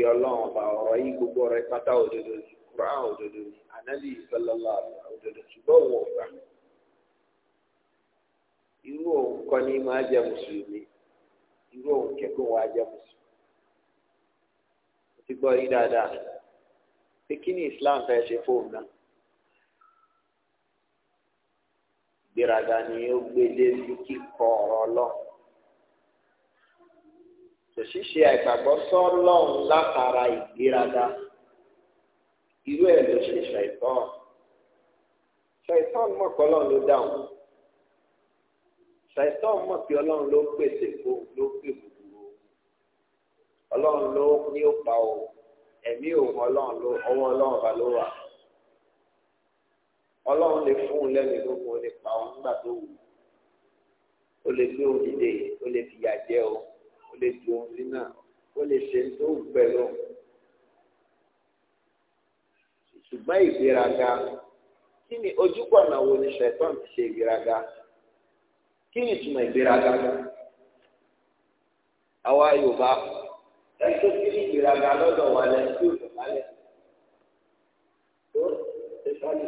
pé ọlọ́run ọba ọ̀rọ̀ yìí gbogbo ọ̀rọ̀ pátá òdodo ni Quran òdodo ni anabi sọlọ́lá òdodo ṣùgbọ́n òun ọ̀gbà irú òun kọ́ ni máa mùsùlùmí irú òun kẹ́kọ̀ọ́ wa mùsùlùmí ti gbọ́ dáadáa pé kí ni Islam fẹ́ ṣe fóun náà ìgbéraga ni ó gbé lé kíkọ ọ̀rọ̀ ọlọ́run. kò sì ṣe àìgbàgbọ́ sọ́lọ́run látara ìgbéraga irú ẹ̀ ló ṣe ṣàìtọ́n ṣàìtọ́n mọ̀ pé ọlọ́run ló dáhùn ṣàìtọ́n mọ̀ pé ọlọ́run ló pèsè fóun ló pè búburú ọlọ́run ló ní ó pa o ẹ̀mí òun ọlọ́run ló ọwọ́ ọlọ́run bá ló wà ọlọ́run lè fún un lẹ́mìí gbogbo ó lè pa òun nígbà tó wù ó lè gbé òun ó lè fìyà jẹ òun ó lè ju ohun sí náà ó lè ṣe tó ń pẹ̀ lọ. ṣùgbọ́n ìgbéraga kí ni ojúkọ̀nà wo ni ṣẹ̀tàn ti ṣe ìgbéraga kí ni ìtumọ̀ ìgbéraga àwa Yorùbá ẹ̀sùn kí ni ìgbéraga lọ́dọ̀ wà lẹ́yìn tí yóò dọ̀bálẹ̀ tó ṣe sọ́ọ̀lì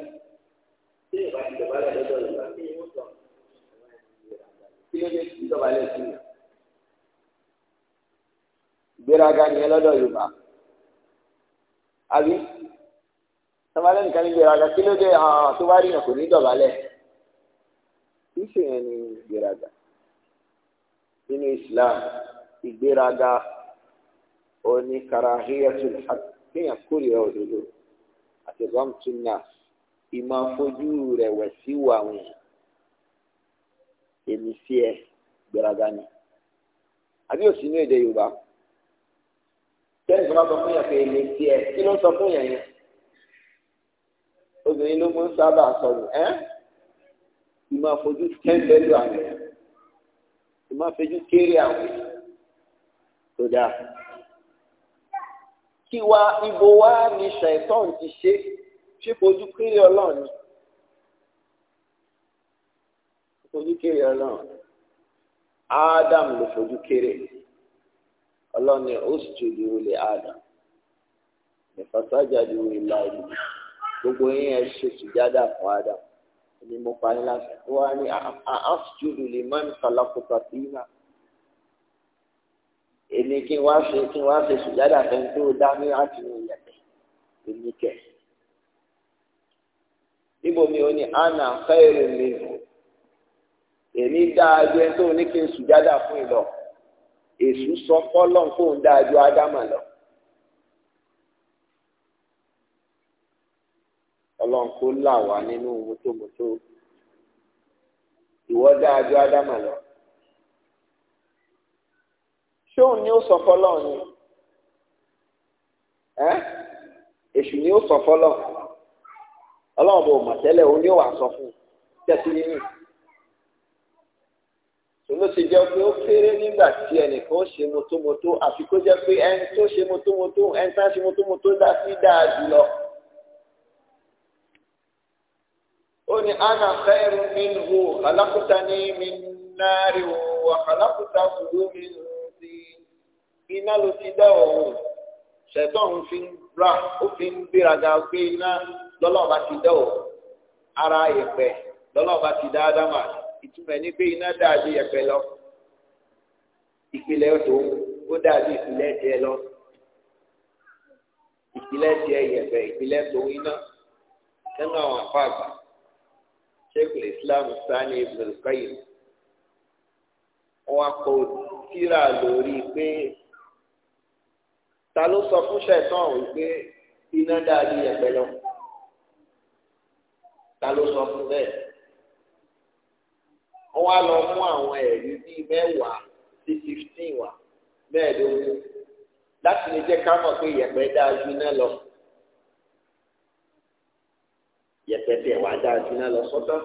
tí ìbá ti dọ̀bálẹ̀ lọ́dọ̀ Yorùbá kí ló dé tí dọ̀bálẹ̀ sí i gbéraga nìyẹn lọ́dọ̀ yorùbá àbí sọmalẹ nìkan ní gbéraga kí ló dé àwọn tó bá rí yàn kò ní dọ̀bálẹ̀ kí ṣe yẹn ní gbéraga nínú islam ìgbéraga òní karahiyatul haq kéèyàn kórìíra òdodo àti bàmtúnà ìmọ̀ àfojú rẹ̀ wẹ̀ sí wà wọ̀nyí èmi sí ẹ gbéraga ni àbí òsínú èdè yorùbá sẹ́yìn tó bá sọ fún yàn pé èmi tiẹ̀ kí ló ń sọ fún yàn yẹn obìnrin ló mọ ń sábà sọ̀rọ̀ ẹ́ ìmọ̀ àfojú kẹ́ńbẹ́lú àwọn ìmọ̀ àfojú kéré àwọn tó dáa kí wa ibo wa ni ṣàìtàn ti ṣe ṣé fojú kéré ọlọ́run fojú kéré ọlọ́run Ádámù ló fojú kéré ọlọ́run ní usjudu li Adam ìfọ̀sájàdù ìlà ìlú gbogbo yín ẹ ṣe sùjádà fún Adam ni mo pa ní láti wá ní usjudu liman khalaqta tina èmi kí n wá ṣe kí n wá ṣe sùjádà fẹ́ tó dá ní láti ní ìyẹ̀kẹ́ èmi kẹ̀. níbo mi ò ní ana khairun minhu èmi dáa ju tó ní kí n sùjádà fún ìlọ́ọ̀. èṣù sọ fọlọ́n kó ń ádámà lọ. ọlọ́run kó là wá nínú mọ́tòmọ́tò ìwọ dájú ádámà lọ. ṣóun ni ó sọ fọlọ́n ni èṣù ni ó sọ fọlọ́n ọlọ́run bò mọ̀ tẹ́lẹ̀ òun ni ó wà sọ fún un tẹ́sí nínú. olóṣè jẹ́ pé ó kéré nígbà tí ẹnìkan ó ṣe motomoto àfi kó jẹ́ pé ẹni tó ṣe motomoto ẹni tá ṣe motomoto dá sí dáa jùlọ. ó ní ana khairun minhu khalaqtani min nari wa khalaqtahu min tin iná ló ti dá òun ṣẹ̀tọ́ òun fi ń ra ó fi ń gbéraga gbé iná lọ́lọ́ọ̀bá ti dá òun ara ìpẹ́ lọ́lọ́ọ̀bá ti dá ádámà sí ìtumọ̀ ẹni pé iná dàbí ẹ̀pẹ̀ lọ ìpìlẹ̀ tó ó dàbí ìpìlẹ̀ tiẹ̀ lọ ìpìlẹ̀ tiẹ̀ yẹ̀pẹ̀ ìpìlẹ̀ tó iná nínú àwọn afáàgbà sheikh islam sani ibn al-qayyim wọn kò tíra lórí pé ta ló sọ fún ṣẹ̀tàn wípé iná dàbí ẹ̀pẹ̀ lọ ta ló sọ fún bẹ́ẹ̀ wọ́n wá lọ mú àwọn ẹ̀rí bíi mẹ́wàá sí fifteen wá mẹ́ẹ̀ẹ́dógún láti lè jẹ́ ká mọ̀ pé yẹ̀pẹ̀ dáa ju náà lọ yẹ̀pẹ̀ tẹ̀ wá dáa ju náà lọ sọ́tọ̀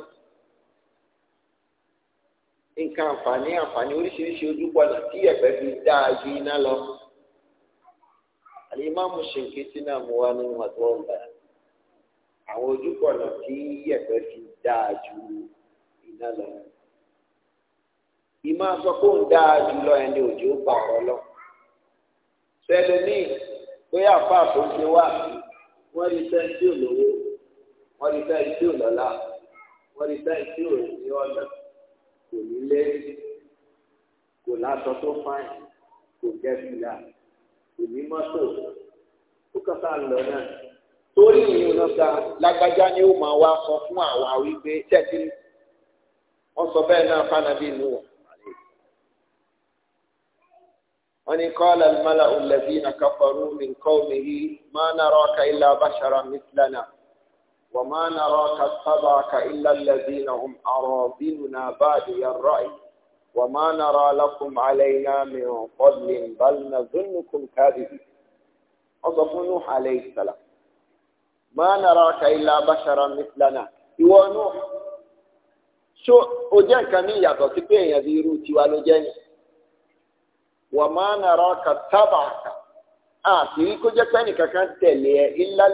nǹkan àǹfààní àǹfààní oríṣiríṣi ojúbọ̀nà tí yẹ̀pẹ̀ fi dáa ju iná lọ alimami ṣèǹkìtì náà mú wa nínú àtúwọ̀ ọ̀gbà àwọn ojúbọ̀nà tí yẹ̀pẹ̀ fi dáa ju iná lọ ìmọ̀ sọ pé òun dáa jùlọ ẹni òjò gbà ọ̀rọ̀ lọ. sẹ́lẹ̀mí bóyá àfa tó ń ṣe wá wọ́n rí sẹ́ni tí ò lówó wọ́n rí sẹ́ni tí ò lọ́lá wọ́n rí sẹ́ni tí ò ní ọ̀nà kò ní lé kò láṣọ tó fáìn kò jẹ́ fìlà kò ní mọ́tò ó kọ́ta lọ náà torí ìyẹn lọ́gà lágbájá ni ó máa wá sọ fún àwa wípé tẹ́tí wọ́n sọ bẹ́ẹ̀ náà fánàbí nù wọ́n. وني قال الملأ الذين كفروا من قومه ما نراك إلا بشرا مثلنا وما نراك اتبعك إلا الذين هم أراذلنا بادي الرأي وما نرى لكم علينا من فضل بل نظنكم كاذبين أضف نوح عليه السلام ما نراك إلا بشرا مثلنا هو نوح شو أجنك من يا تطبيع يذيرو تيوالو جنيه wà má ka tábàkà a ah, kì í kó jẹ́ pé ẹnìkankan tẹ̀lé ẹ ilá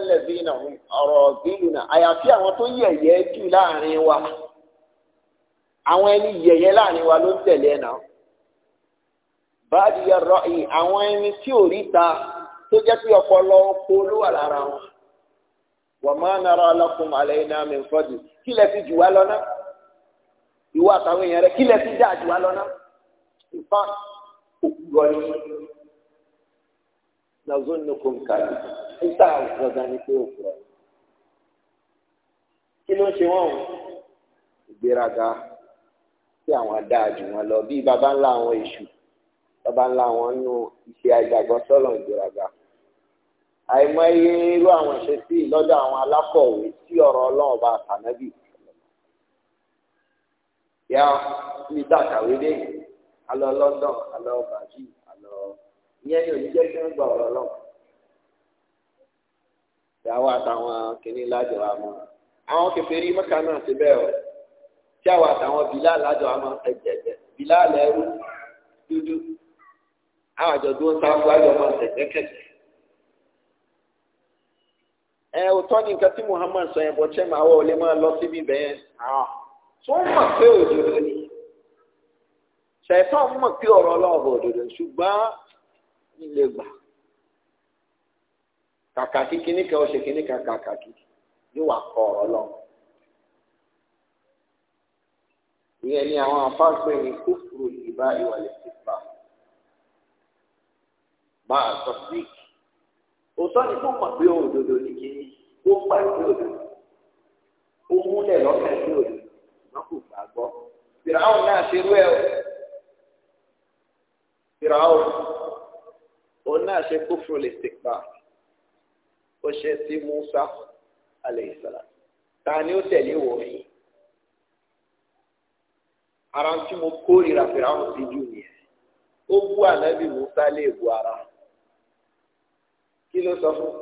ọ̀rọ̀ bílù àyàfi àwọn tó yẹ̀yẹ́ jù láàrin wa àwọn ẹni yẹ̀yẹ́ láàrin wa ló ń tẹ̀lé ẹ náà báàdì àwọn ẹni tí ò rí ta tó jẹ́ pé ọpọlọ wà lára wọn kí lẹ fi jù wá òkúrọ yín lọ́zọ́ ní kò ń kàlù níta ọ̀gá ni pé òkúrọ kí ló ń ṣe wọ́n ìgbéraga sí àwọn adáàjù wọn lọ bí baba ńlá àwọn èṣù baba ńlá àwọn nù ìṣe àìgbàgbọ́ sọ́lọ̀ ìgbéraga àìmọye irú àwọn ìṣesí lọ́dọ̀ àwọn alákọ̀wé sí ọ̀rọ̀ ọlọ́run bá àtànábì yá níta kàwé dé yìí. alọ London alọ Brazil alọ ìyẹn ní oníjẹ tí ń gba ọ̀rọ̀ lọ ìyàwó àtàwọn kìnnì lájọ àmọ́ àwọn kèfèrí Mẹ́kà náà ti o tí àwọn àtàwọn bìlá lájọ dúdú àwọn àjọ tó ń ẹ ni nǹkan tí Muhammad sọ lọ síbi bẹ́ẹ̀ tó ń mọ̀ pé ṣẹ̀tàn mọ̀ pé ọ̀rọ̀ ọlọ́ọ̀bọ̀ òdòdó ṣùgbọ́n ilé gbà kàkà kíkíní kan ọ̀ṣẹ̀ kíní kan kàkà kíkí yóò wà kọ ọ̀rọ̀ lọ. ìyẹn ni àwọn afáàgbẹ́ ní kófòrò ìbá ìwàlẹ̀ sípà máa sọ sí òótọ́ ni kó mọ̀ pé òdòdó ní kíní ó pa ìpè òdòdó ó múlẹ̀ lọ́kàn ìpè òdòdó wọn kò gbàgbọ́. náà ṣe rú ẹ̀ o firawo òun náà ṣe kúfùrù lè ṣe pa ó ṣe sí musa aleyhisala ta ni ó tẹ̀lé wọ̀nyí ara tí mo kórìíra firawo sí jù nìyẹn ó bú ànábì musa lè bu ara kí sọ fún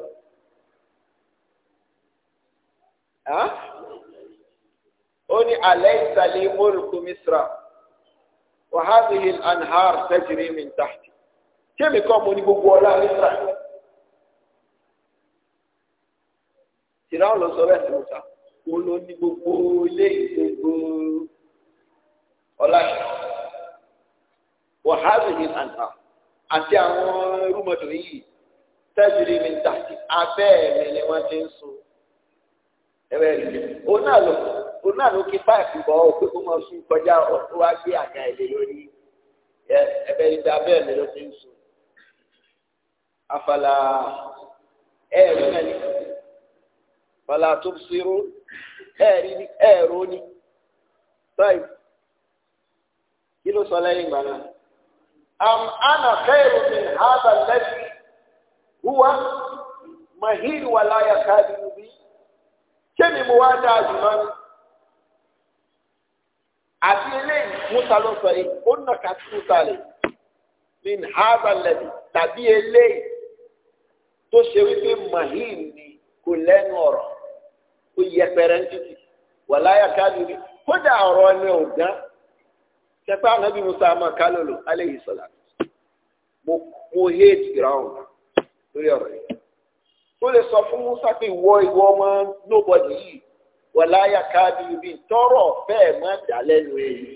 ó ní alẹ́ ìsàlẹ̀ mórùkú misra. وهذه الأنهار تجري من تحتي kémi kọ́ mo ní gbogbo ọlá Israẹl ìdáhùn lọ sọ bẹ́ẹ̀ sọ̀tà mo ló ní gbogbo gbogbo ọlá wàhálì ní àti àwọn rúmọdù yìí tẹ́jìrì mi dàtí òun náà ló kí páìpù bọ̀ ọ́ pé kó mọ sùn kọjá ó wá gbé àga ilé lórí ẹbẹ ìgbà bẹ́ẹ̀ mi ló ti ń sùn afala ẹ̀rí náà ni fala tó ṣírò ẹ̀rí ni ẹ̀rọ ni báyìí kí ló sọ lẹ́yìn ìgbà náà am ana khairu min hadha alladhi huwa mahil wa la yakadu bi ṣé ni mo wá dáa jù lọ ni àti eléyìí musa ló sọ yìí ó nà ká sí musa rẹ̀ ní harvard lẹ́bi tàbí eléyìí tó ṣe wípé mahim ni kò lẹ́nu ọ̀rọ̀ kò yẹpẹrẹ ń títì wàláyà káàdì rí kódà ọ̀rọ̀ ẹni ò gán sẹ́pà ànábì musa máa ká lòlò aléyìí sọ̀lá mo mo hate ground lórí ọ̀rọ̀ yìí ó lè sọ fún musa pé ìwọ ìwọ ọmọ nobody yìí wọláyà káàdì ibi tọrọ fẹ́ẹ̀ má dà lẹ́nu èyí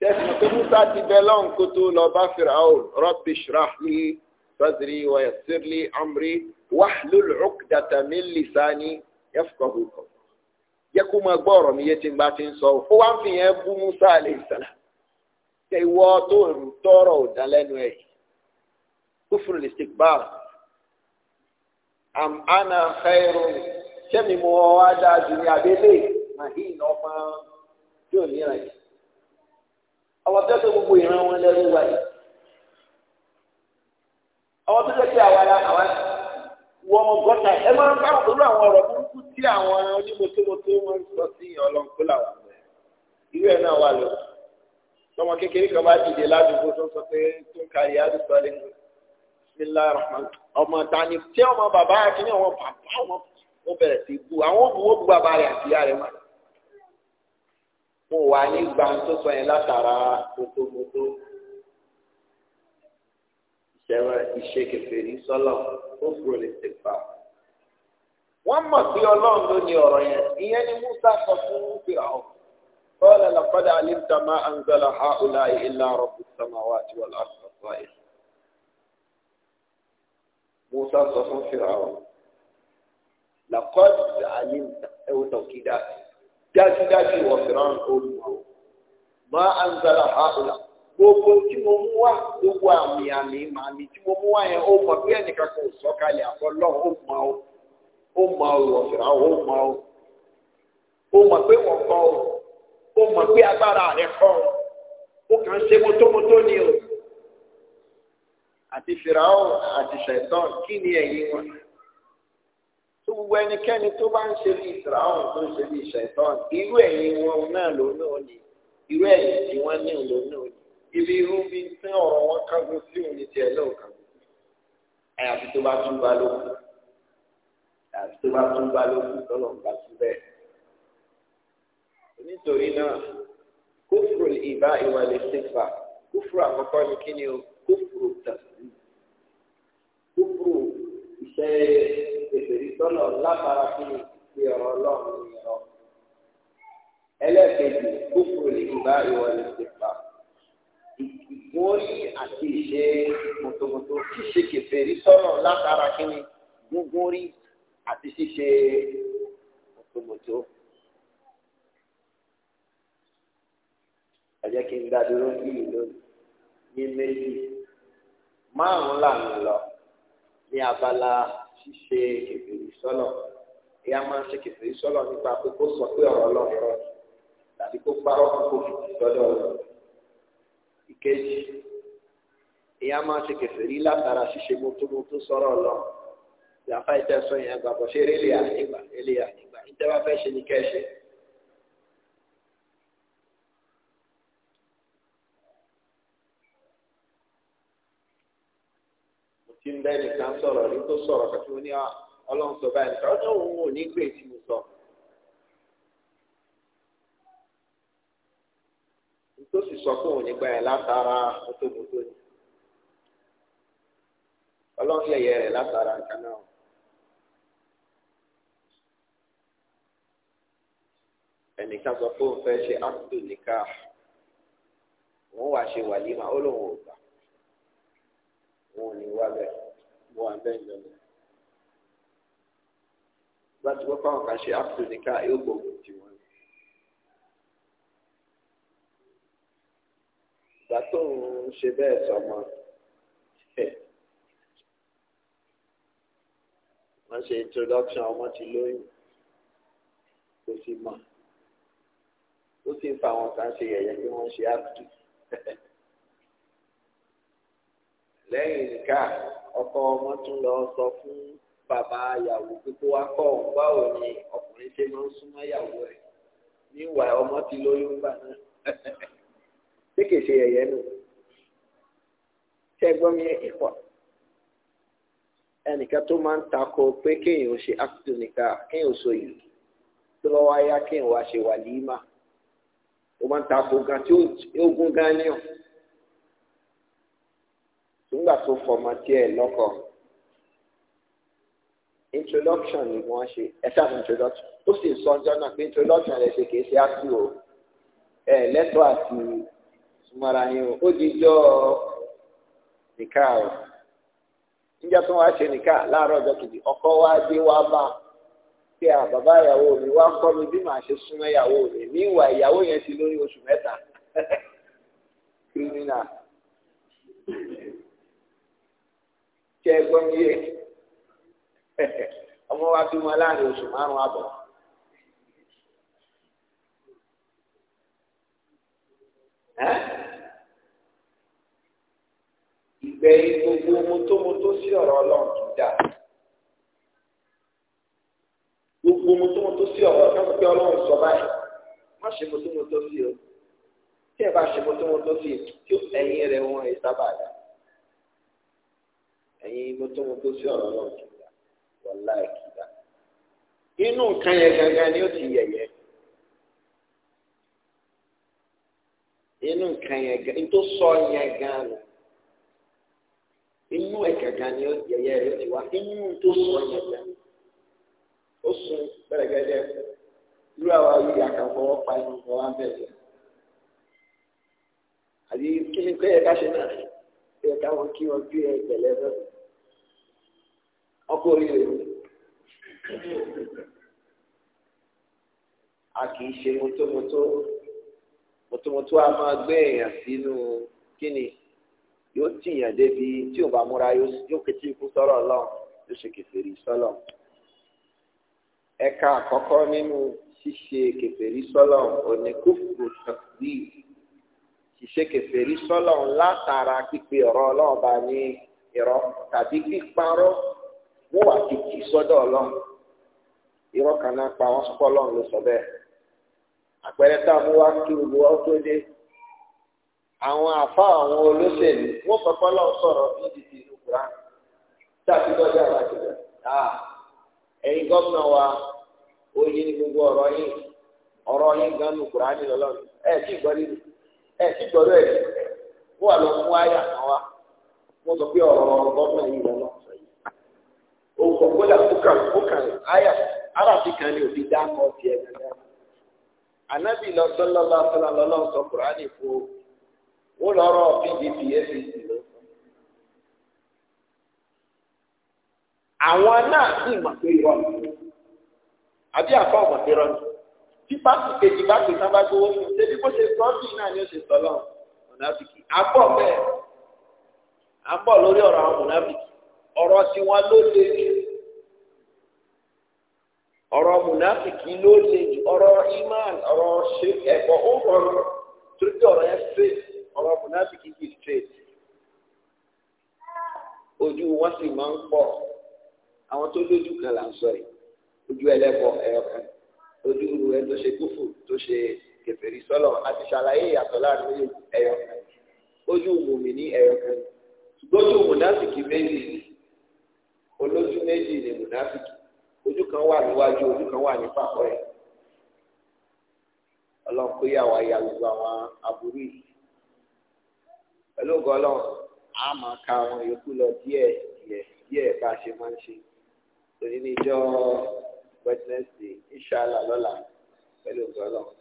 tẹsán pé musa ti bẹ lọ́hùn kó tó lọ bá firaun rabbi shrah li sadri wa yassir li amri wahlul uqdata min lisani yafqahu qawli jẹ́ kó máa gbọ́ ọ̀rọ̀ mi yé tí n bá ti ń sọ ó wá fi yẹn bú musa alayhi salam tẹ ìwọ tó ń tọrọ ọ̀dàn lẹ́nu ẹ̀ kufru listikbar am ana khairun sẹ́mi mo wá dáa jù ní abẹ́lé màhíì náà máa yóò níran yìí àwọn tó ṣe gbogbo ìran wọn lẹ́rú wa yìí àwọn tó ṣe pé àwa la àwa wọ́n gọ́tà ẹ máa ń bá pẹ̀lú àwọn ọ̀rọ̀ burúkú tí àwọn onímọ̀tòmọ̀tò wọn sọ sí ọlọ́nkó làwọn irú ẹ̀ náà wà lọ tọmọ kékeré kan bá dìde ládùúgbò tó ń sọ pé tó ń kárí àdúgbò lẹ́nu bisimilayi rahman ọmọ tani tí ọmọ bàbá akíní ọmọ bàbá ọmọ ó bẹ̀rẹ̀ sí bu àwọn òbúwó bu bàbá rẹ̀ àti ìyá rẹ̀ mọ́ mo wà ní gbàǹ tó sọ yẹn látara gbogbogbò ìṣẹ̀rọ ìṣèkèfè ní sọ́lọ̀ ó fúró lè ṣe pa. wọ́n mọ̀ sí ọlọ́run ló ní ọ̀rọ̀ yẹn ìyẹn ni Musa sọ fún Firaun qala laqad alimta ma anzala ha'ula'i illa rabbus samawati wal ardi sọ yẹn. Musa sọ fún Firaun làkọ́ọ̀dì àlè ẹ̀wọ̀n tọ̀kídà dájúdájú ọ̀fẹ́ràn olùwà máa ń zara àhùlà gbogbo tí mo mú wá gbogbo àmì àmì màmí tí mo mú wá yẹn ó mọ bí ẹnìkan kò sọ̀kalẹ̀ àfọlọ́ ó mọ ó ó mọ ọ̀fẹ́ràn ó mọ ó ó mọ pé wọ́n kọ́ ó ó mọ pé agbára rẹ̀ kọ́ ó ó kàn ṣe mọ́tómọ́tó ni o àti fìràwọ̀ àti ṣẹ̀tàn kí ni ẹ̀yin wọn gbogbo ẹnikẹ́ni tó bá ń ṣe bí ìsìláhùn tó ń ṣe bí ìṣẹ̀tàn irú ẹ̀yìn wọn náà ló náà ni irú ẹ̀yìn tí wọ́n ní ló náà ni ibi irú bí tí ọ̀rọ̀ wọn kágbó sí òun ní tiẹ̀ náà kàn àyàfi tó bá tún bá lókun àyàfi tó bá tún bá lókun tọ́lọ̀ ń bá tún bẹ́ẹ̀. nítorí náà kófùrù ìbá ìwà lè ṣe fà kófùrù àkọ́kọ́ ni kí ni o kófùrù tàbí ìfẹ́ ìbèrè tọ́nà lábára kí ni ìfi ọ̀rọ̀ ọlọ́run ní ọ. ẹlẹ́ẹ̀kejì kúkúrú ní ìgbà ìwọlé ti fà. ìgbóyè àti ìṣe mọ̀tòmọ̀tò ṣíṣe kẹfẹ́rí tọ́nà látara kí ni gúngún rí àti ṣíṣe mọ̀tòmọ̀tò. ẹ jẹ́ kí n dá dúró bí ìlú ní méjì márùn-ún là ń lọ ní abala ṣíṣe kẹfìrí sọlọ ìyá máa ń ṣe kẹfìrí sọlọ nípa pé kó sọ pé ọ̀rọ̀ Ọlọ́run rọ tàbí kó parọ́ fún kó fìdí sọdọ rẹ ìkejì ìyá máa ń ṣe kẹfìrí látara ṣíṣe mọtòmọtò sọ̀rọ̀ Ọlọ́run ìyàfa ìtẹsọ yẹn gbàgbọ́ ṣe eré ilé àyígbà ilé àyígbà ìtẹ́wá fẹ́ ṣe ní kẹ́ tí ń bẹ́ẹ̀ nìkan sọ̀rọ̀ rí tó sọ̀rọ̀ kàtó ní ah, ọlọ́run sọ báyìí ọjọ́ òun ò ní gbé tí mo sọ. tó sì sọ fún òun nígbà yẹn látara mọ́tòmọ́tò ni ọlọ́run rẹ̀ látara nǹkan náà. ẹnìkan sọ òun fẹ́ ṣe òun wàá ṣe wàlímà ó lóun ò gbà. wọn ò ní wá bẹ wọn à bẹ́ẹ̀ lọ́nà. Ìgbà tí wọ́n fáwọn kan ṣe áfíríkà yóò gbógun tì wọ́n. Ìgbà tó ń ṣe bẹ́ẹ̀ sọmọ wọ́n ṣe introduction ọmọ ti lóyún kò sì mọ̀ ó sì ń fa àwọn kan ṣe yẹ̀yẹ́ bí wọ́n ṣe áàpù. lẹ́yìn nìka ọkọ ọmọ tún lọ sọ fún bàbá ìyàwó gbogbo wa kọ́ ni ọkùnrin ṣe máa ń súnmọ́ ìyàwó rẹ̀ níwà ọmọ ti lóyún gbà náà ṣé kìí ṣe ẹ̀yẹ́ nù ṣé ẹgbọ́n mi ẹnìkan tó máa ń takò pé kéèyàn ṣe kéèyàn sọ yìí tó kéèyàn wá ṣe ó máa ń takò gan nígbà tó fọmọ tiẹ̀ lọ́kọ introduction ni wọ́n ṣe ẹ ṣáà introduction ó sì sọ ọjọ́ náà pé introduction rẹ̀ ṣe kìí ṣe ápù o ẹ lẹ́tọ́ àti sùmọ́ra yín o ó di jọ́ nìka o níjà tó wá ṣe nìka láàárọ̀ ọjọ́ kejì ọkọ wa dé wá bá pé à bàbá ìyàwó mi wá kọ́ mi bí màá ṣe súnmọ́ ìyàwó mi níwà ìyàwó yẹn ti lórí oṣù mẹ́ta kírímínà. kí ẹ gbọ́ mi yé ọmọ wa bímọ láàrin oṣù márùn-ún àbọ̀. ìgbẹ̀yìn gbogbo mọ́tòmọ́tò sí ọ̀rọ̀ ọlọ́run tó dáa gbogbo mọ́tòmọ́tò sí ọ̀rọ̀ ọlọ́run tó ọlọ́run sọ báyìí má ṣe mọ́tòmọ́tò sí o tí ẹ bá ṣe mọ́tòmọ́tò sí ẹ̀yìn rẹ̀ wọ́n ẹ̀ sábà dáa ẹ̀yin ibo tó mo kó sí ọ̀rọ̀ náà kìdá wàlá kìdá inú nǹkan yẹn gangan ni ó ti yẹyẹ inú nǹkan yẹn gan tó sọ yẹn gan ni inú ẹ̀ gangan ni ó yẹyẹ rẹ ti wá inú tó sọ yẹn gan ó sun gbẹdẹgbẹdẹ irú àwọn ayé àkàfọwọ́ pa inú wọn wá bẹ̀rẹ̀ àbí kí ni kò yẹ ká ṣe náà kò yẹ ká wọn kí wọn bí ẹ gbẹlẹ bẹ́ẹ̀ ọkọ oríire a kì í ṣe mọ́tòmọ́tò mọ́tòmọ́tò a máa gbé èèyàn sínú kíni yóò tìyàn débi tí ò bá múra yóò kẹtí ikú sọ̀rọ̀ ọlọ́run yóò ṣe kẹfẹ́rì sọ́lọ̀ ẹ̀ka àkọ́kọ́ nínú ṣíṣe kẹfẹ́rì sọ́lọ̀ oníkófò tàbí ṣíṣe kẹfẹ́rì sọ́lọ̀ látara pípe ọ̀rọ̀ ọlọ́ọ̀bá ní irọ́ tàbí píparọ́ wọ́n wà kìkì sọ́dọ̀ ọlọ́run irọ́ kan náà pa wọ́n sọ́kọ́ ọlọ́run ló sọ àpẹẹrẹ tá a mú wá kí gbogbo wọn tó dé àwọn àfa àwọn olóṣèlú wọ́n sọ̀rọ̀ pdp wa oyin ni gbogbo ọrọ yìí yìí gan nínú lọ mú ó kọ kódà ó kàn ó kàn áyà arábì kan ní òbí dáná anabi lọ sọlọ lọ sọlọ lọ lọ sọ pdp apc lọ àwọn náà sì pé àbí pé tí kejì bá pè sábà gbowó débi bó ṣe ọ̀rọ̀ tiwọn ló le jù ọ̀rọ̀ mùnàfìkì ló le jù ọ̀rọ̀ imán ọ̀rọ̀ ṣe ẹ̀kọ́ ó rọrùn torí pé ọ̀rọ̀ yẹn straight ọ̀rọ̀ mùnàfìkì ti straight ojú wọn sì máa ń pọ̀ àwọn tó lójú kan là ń sọ yìí ojú ẹlẹ́bọ ẹ̀yọkan ojú ru ẹ tó ṣe kúfù tó ṣe kẹfẹ́rí sọ́lọ̀ àti ṣàlàyé ìyàtọ̀ láàrin ẹ̀yọkan ojú mùmí ní ẹ̀yọkan gbójú mùnàfìkì méjì ni olójú méjì ni mùnáfíkì ojú kan wà níwájú ojú kan wà ní pàpọ̀ ẹ̀ ọlọ́run kó yà wá ya gbogbo àwọn aburú yìí pẹ̀lú ògùn ọlọ́run a máa ka àwọn yòókù lọ díẹ̀ díẹ̀ díẹ̀ bá a ṣe máa ń ṣe òní ní ìjọ Wednesday inshallah lọ́la pẹ̀lú ògùn ọlọ́run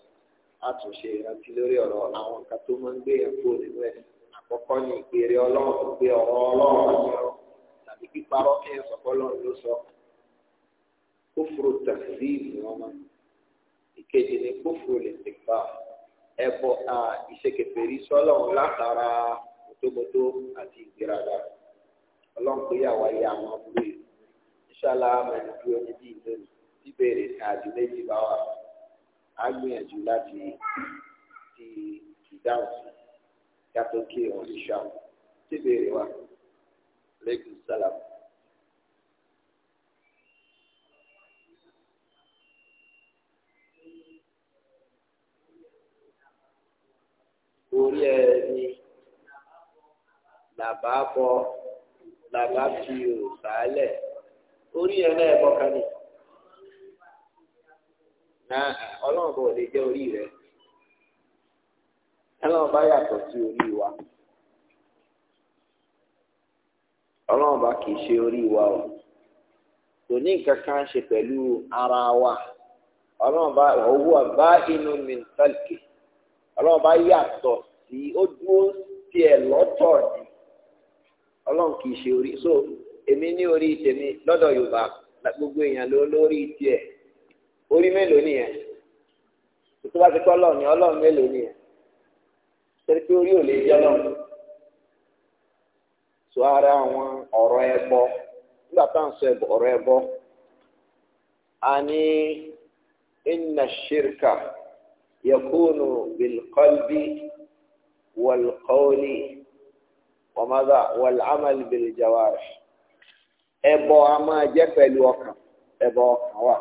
a tún ṣe ìrántí lórí ọ̀rọ̀ àwọn nǹkan tó máa ń gbé ẹ̀kọ́ nínú ẹ̀ àkọ́kọ́ ni ìpèrè ọlọ́run gbé ọ̀rọ̀ ọlọ́run àti àti píparọ́ kí ẹ sọ̀kọ́ lọ́rùn ló sọ kófòrò tàzíìmù ọmọ ìkejì ní kófòrò lè ti pa ẹbọ ìṣekèfèrí sọ́lọ́run látara mọ́tòmọ́tò àti ìgbéraga ọlọ́run pé yàwá yà wọn abúlé ìṣàlá mẹ́lẹ́dú ẹni bí ìlẹ́nu bíbèrè àdì méjì bá wà á gbìyànjú láti ti ìdáhùn yàtọ̀ kí ìrànlẹ́ṣà bíbèrè wa aleykum salam. orí ẹni làbá bọ làbá fi òsàálẹ̀ orí ẹ náà bọ kánì náà ọlọ́run bò lè jẹ́ orí rẹ ọlọ́run bá yàtọ̀ sí orí wa. ọlọ́run bá kì í ṣe orí wa o kò ní nǹkan kan pẹ̀lú ara wa ọlọ́run bá owó ọba inú mi ọlọ́run bá yàtọ̀ sí ó tiẹ̀ lọ́tọ̀ ni ọlọ́run kìí ṣe orí so èmi ní orí tèmi lọ́dọ̀ yorùbá gbogbo èèyàn ló lórí tiẹ̀ orí mélòó nìyẹn tó bá ti so ara àwọn ọ̀rọ̀ ẹbọ nígbà tá à ń sọ ọ̀rọ̀ ẹbọ a ní inna shirka yakunu bilqalbi walqawli wàmádà wàlámàlì bìlìjàwárì ẹbọ a máa jẹ́ pẹ̀lú ọkàn ẹbọ ọkàn wà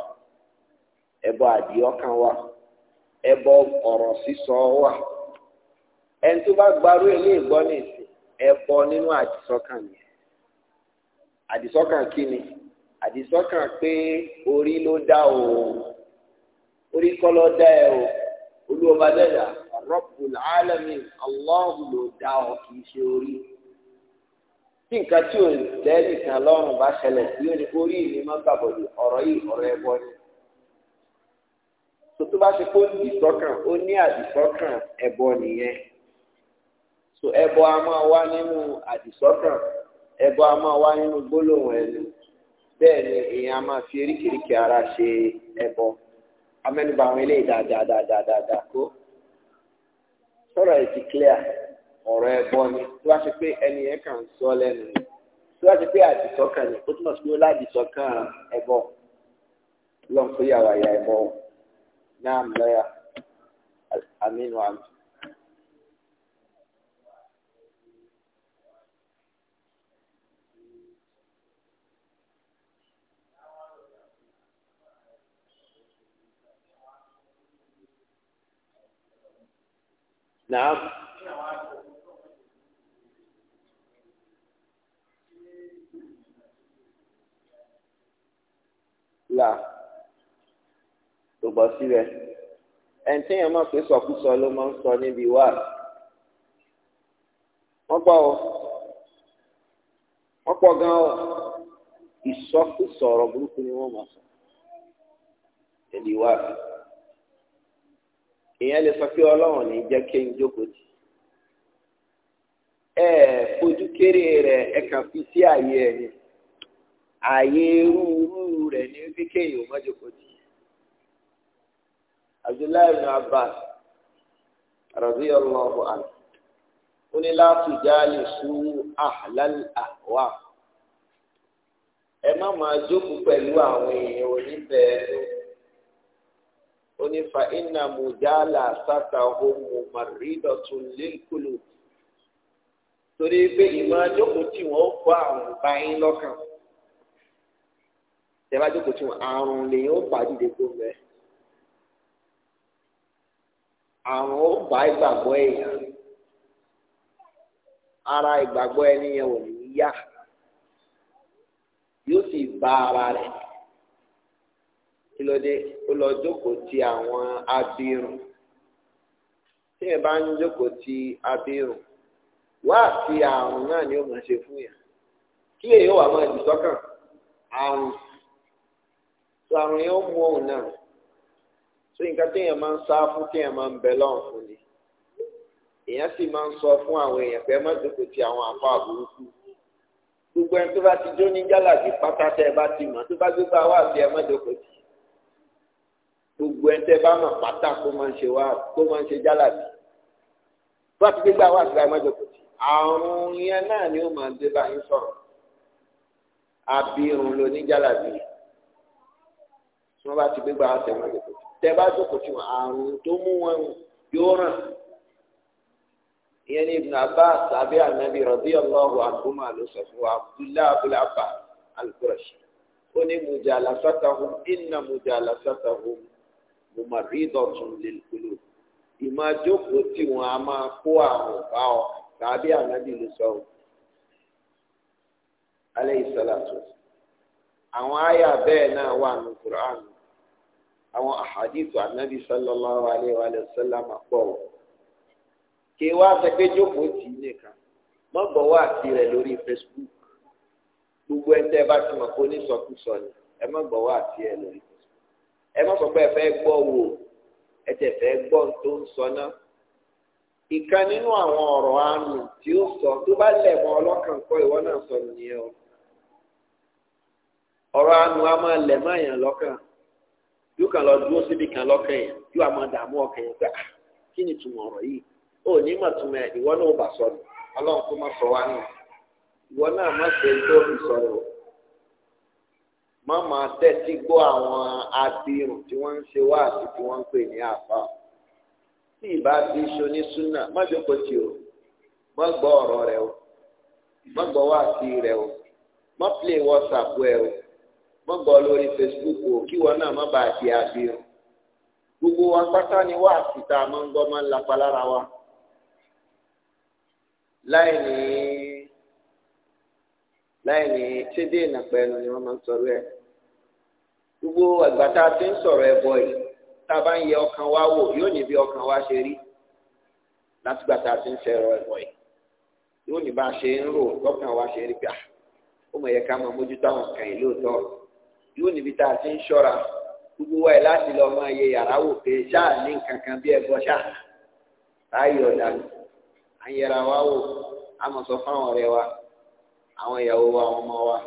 ẹbọ àdì ọkàn wà ẹbọ ọ̀rọ̀ sísọ wà ẹni tó bá gbarú ilé ìgbọ́ nìsín. ẹbọ nínú àdìsọ́kàn yẹn àdìsọ́kàn kíni àdìsọ́kàn pé orí ló dá o orí kọ́ ló dá ẹ o olúwọba dẹ́dà Rabbul Alamin Allahu ló dá ọ kì í ṣe orí tí nǹkan tí ò lẹ́nìkan lọ́rùn bá ṣẹlẹ̀ sí òní orí mi máa ń gbàbọ̀dọ̀ ọ̀rọ̀ yìí ọ̀rọ̀ ẹbọ ni tó tó bá ṣe kó ní ìsọ́kàn ó ní àdìsọ́kàn ẹbọ nìyẹn. so ẹbọ a máa wá nínú àdìsọ́kàn ẹbọ a máa wá nínú gbólóhùn ẹnu bẹ́ẹ̀ ni èèyàn máa fi eríkèéríkè ara ṣe ẹbọ amẹ́nubà àwọn eléyìí dáadáa kó sọ̀rọ̀ ẹ̀ ti clear ọ̀rọ̀ ẹbọ ni tí wàá ṣe pé ẹni yẹn kàn sọ lẹ́nu ni tí wàá ṣe pé àdìsọ́kàn ni ó sí نعم là gbogbo síbẹ̀ ẹni téèyàn máa fi sọkúsọ ló máa ń sọ níbi wá wọ́n pọ̀ o wọ́n pọ̀ gan o ìsọkúsọ ọ̀rọ̀ burúkú ni wọ́n máa sọ èèyàn lè sọ pé ọlọ́run ní jẹ́ kí n jókòó tì ẹ fojú kéré rẹ ẹ kàn fi sí ààyè ẹ ni ààyè rúurú rẹ ní wípé kéèyàn ò má jókòó tì Abdullahi ibn Abbas radiyallahu anhu ó ní láti sú ẹ má ó ní fa iná mùjálà sátàhó mùmàrídọ̀tún lẹ́kùlù torí pé ìmọ̀ ajókòó tí wọ́n kó àrùn bá yín lọ́kàn tẹ́lá jókòó tí wọ́n àrùn lèyìn ó bá dìde tó bẹ́ẹ̀ àrùn ó bá ìgbàgbọ́ èèyàn ara ìgbàgbọ́ ẹni yẹn ò ní yá yóò sì bá ara rẹ̀ kílódé ó lọ jókòó ti àwọn abirùn tí ẹ bá ń jókòó ti abirùn wá àti àrùn náà ni ó mọ̀ ṣe fún yàn kí èyí ó wà mọ́ ẹ̀dùn sọ́kàn àrùn tó àrùn yẹn ó mú òun náà tó nǹkan téèyàn máa ń sá fún téèyàn máa ń bẹ lọ́rùn fún ni èèyàn sì máa ń sọ fún àwọn èèyàn pé ẹ má jókòó ti àwọn àpá àbúrúkú gbogbo ẹni tó bá ti jó ní jálàbí pátá tẹ ẹ bá ti mọ̀ tó bá gbé wà sí ẹ má jókòó gbogbo ẹtẹ bá mọ̀ pátá kó máa ń ṣe wá kó máa ń ṣe jálàbí bá ti gbégbá wá sí àìmọ́jọ kò tí àrùn yẹn náà ni ó máa ń dé báyìí sọ̀rọ̀ abirùn ló ní jálàbí tí wọ́n bá ti gbégbá wá sí àìmọ́jọ kò tẹ bá jókòó wọn àrùn tó mú wọn yóò ràn ìyẹn ní Ibn Abbas àbí Ànábì radiyallahu anhuma ló sọ fún wa Abdullahi Abul Abbas al-Qurashi ó ní mujalasatahum inna mujalasatahum mùmàrídọ̀tún lèlùkulù ìmọ̀ àjókòó tí wọ́n á máa kó àrùn bá ọ tàbí ànábì ló sọ ọ alẹ́ ìsọ̀làtò àwọn àyà bẹ́ẹ̀ náà wà ní Qur'an àwọn àhàdìtò ànábì sallallahu alaihi wa sallam pọ̀ kí wá sọ pé jókòó tì í nìkan mọ́gbọ̀ wá àti rẹ̀ lórí Facebook gbogbo ẹ̀ńtẹ́ bá ti mọ̀ kó ní sọkúsọ ni ẹ mọ́gbọ̀ wá àti ẹ lórí ẹ má sọ pé ẹ fẹ́ gbọ́ wò ẹ tẹ̀ fẹ́ gbọ́ tó ń sọ náà ìkan nínú àwọn ọ̀rọ̀ tí ó sọ tó bá lẹ̀ mọ́ ọlọ́kàn kọ́ ìwọ náà sọ nìyẹn o ọ̀rọ̀ àánú a máa lẹ̀ mọ́ èèyàn lọ́kàn yóò kàn lọ dúró síbi kan lọ́kàn yẹn yóò ah, ni ọ̀rọ̀ yìí ó ní mà ìwọ náà ọlọ́run má máa tẹ́tí gbọ́ àwọn abirùn tí wọ́n ń ṣe wá àti tí wọ́n ń pè ní àfa tí ìbá ti ṣoní súnà má jókòó tì o má gbọ́ ọ̀rọ̀ rẹ o má gbọ́ wá sí rẹ o má play whatsapp rẹ o má gbọ́ lórí facebook o kí wọn náà má bàa di abirùn gbogbo wa pátá ni wá àsìta máa ń gbọ́ máa ń lapa lára wa láì ní í láì ní ṣédé ìnàpẹ́ ẹnu ni wọ́n máa ń sọ̀rọ̀ ẹ̀. gbogbo àgbà tá a ti ń sọ̀rọ̀ ẹbọ yìí tá a bá ń yẹ ọkàn wa wò yóò ní bí ọkàn wa ṣe rí látìgbà tá a ti ń ṣẹ̀rọ ẹbọ yìí yóò ní bá a ṣe ń rò lọ́kàn wa ṣe rí gbà ah, ó mọ̀ yẹ ká máa mójútó àwọn kan yìí lóòótọ́ yóò níbi tá a ti ń ṣọ́ra gbogbo wa yìí láti lọ máa yẹ yàrá wò pé ṣáà ní nǹkan kan bí àwọn ìyàwó wa àwọn ọmọ wa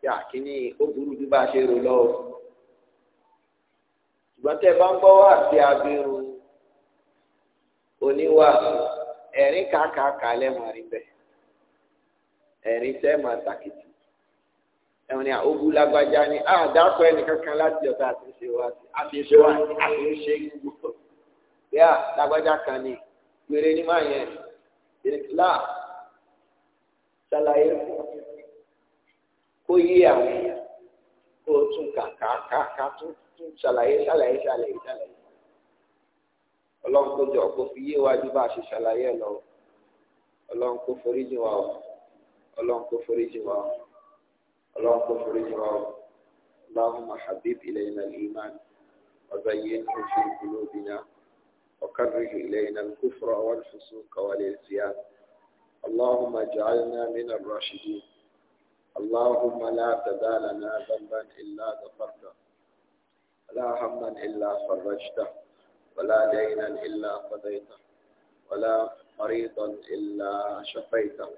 tí àkíní ó burú bí bá a ṣe rò lọ o ṣùgbọ́n tẹ́ ẹ bá ń gbọ́ wá sí abirù oníwà ẹ̀rín kàkàkà lẹ́mọ̀ rí bẹ́ẹ̀ ẹ̀rín tẹ́ máa tàkìtì ẹ̀wọ̀n ni àógún lágbájá ni a dákọ̀ ẹni kankan láti ọ̀tá àti ṣe wá sí àti ṣe wá sí àti ṣe gbogbo bí lágbájá kan ni gbére ní máa yẹn ìrìkìlá ṣàlàyé fún kó yé àwọn èèyàn kó o tún kàkà kàkà tún tún ṣàlàyé ṣàlàyé ṣàlàyé ṣàlàyé ọlọ́run kó jọ kó fi yé wájú bá a ṣe ṣàlàyé lọ ọlọ́run kó foríjì wa o ọlọ́run kó foríjì wa o ọlọ́run kó foríjì wa o اللهم حبيب إلينا الإيمان وزينه في قلوبنا وكره إلينا الكفر والفسوق والعصيان اللهم اجعلنا من الراشدين اللهم لا تدع لنا ذنبا إلا غفرته ولا هما إلا فرجته ولا دينا إلا قضيته ولا مريضا إلا شفيته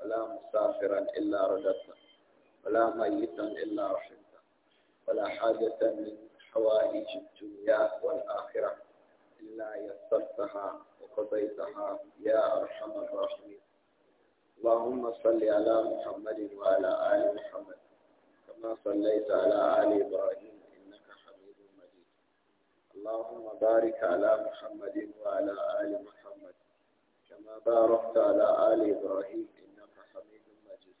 ولا مسافرا إلا رددته ولا ميتا إلا رحمته ولا حاجة من حوائج الدنيا والآخرة إلا يسرتها وقضيتها يا أرحم الراحمين اللهم صل على محمد وعلى آل محمد كما صليت على آل إبراهيم إنك حميد مجيد اللهم بارك على محمد وعلى آل محمد كما باركت على آل إبراهيم إنك حميد مجيد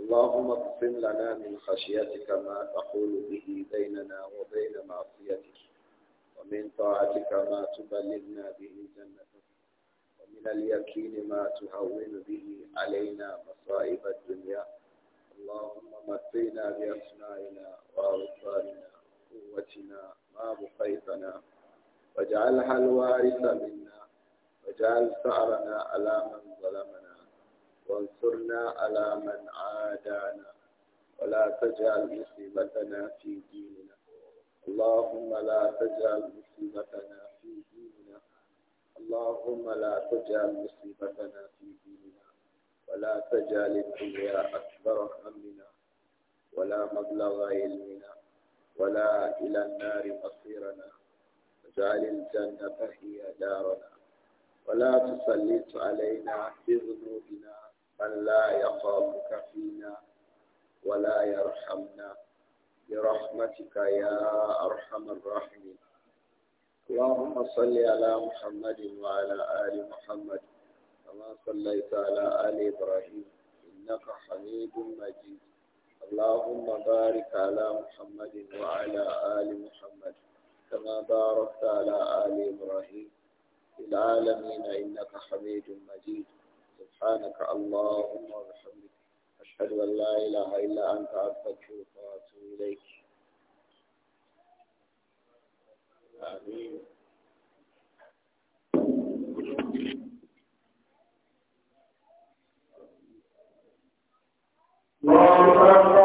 اللهم اقسم لنا من خشيتك ما تقول به بيننا وبين معصيتك ومن طاعتك ما تبلغنا به جنتك ومن اليقين ما تهون به علينا مصائب الدنيا اللهم متينا بأسمائنا وأوصالنا وقوتنا ما بقيتنا واجعلها الوارث منا واجعل ثأرنا على من ظلمنا وانصرنا على من عادانا ولا تجعل مصيبتنا في ديننا اللهم لا تجعل مصيبتنا اللهم لا تجعل مصيبتنا في ديننا ولا تجعل الدنيا أكبر همنا ولا مبلغ علمنا ولا إلى النار مصيرنا واجعل الجنة هي دارنا ولا تسلط علينا بذنوبنا من لا يخافك فينا ولا يرحمنا برحمتك يا أرحم الراحمين اللهم صل على محمد وعلى آل محمد كما صليت على آل إبراهيم إنك حميد مجيد اللهم بارك على محمد وعلى آل محمد كما باركت على آل إبراهيم في العالمين إنك حميد مجيد سبحانك اللهم وبحمدك أشهد أن لا إله إلا أنت عبدك وأتوب إليك Thank you.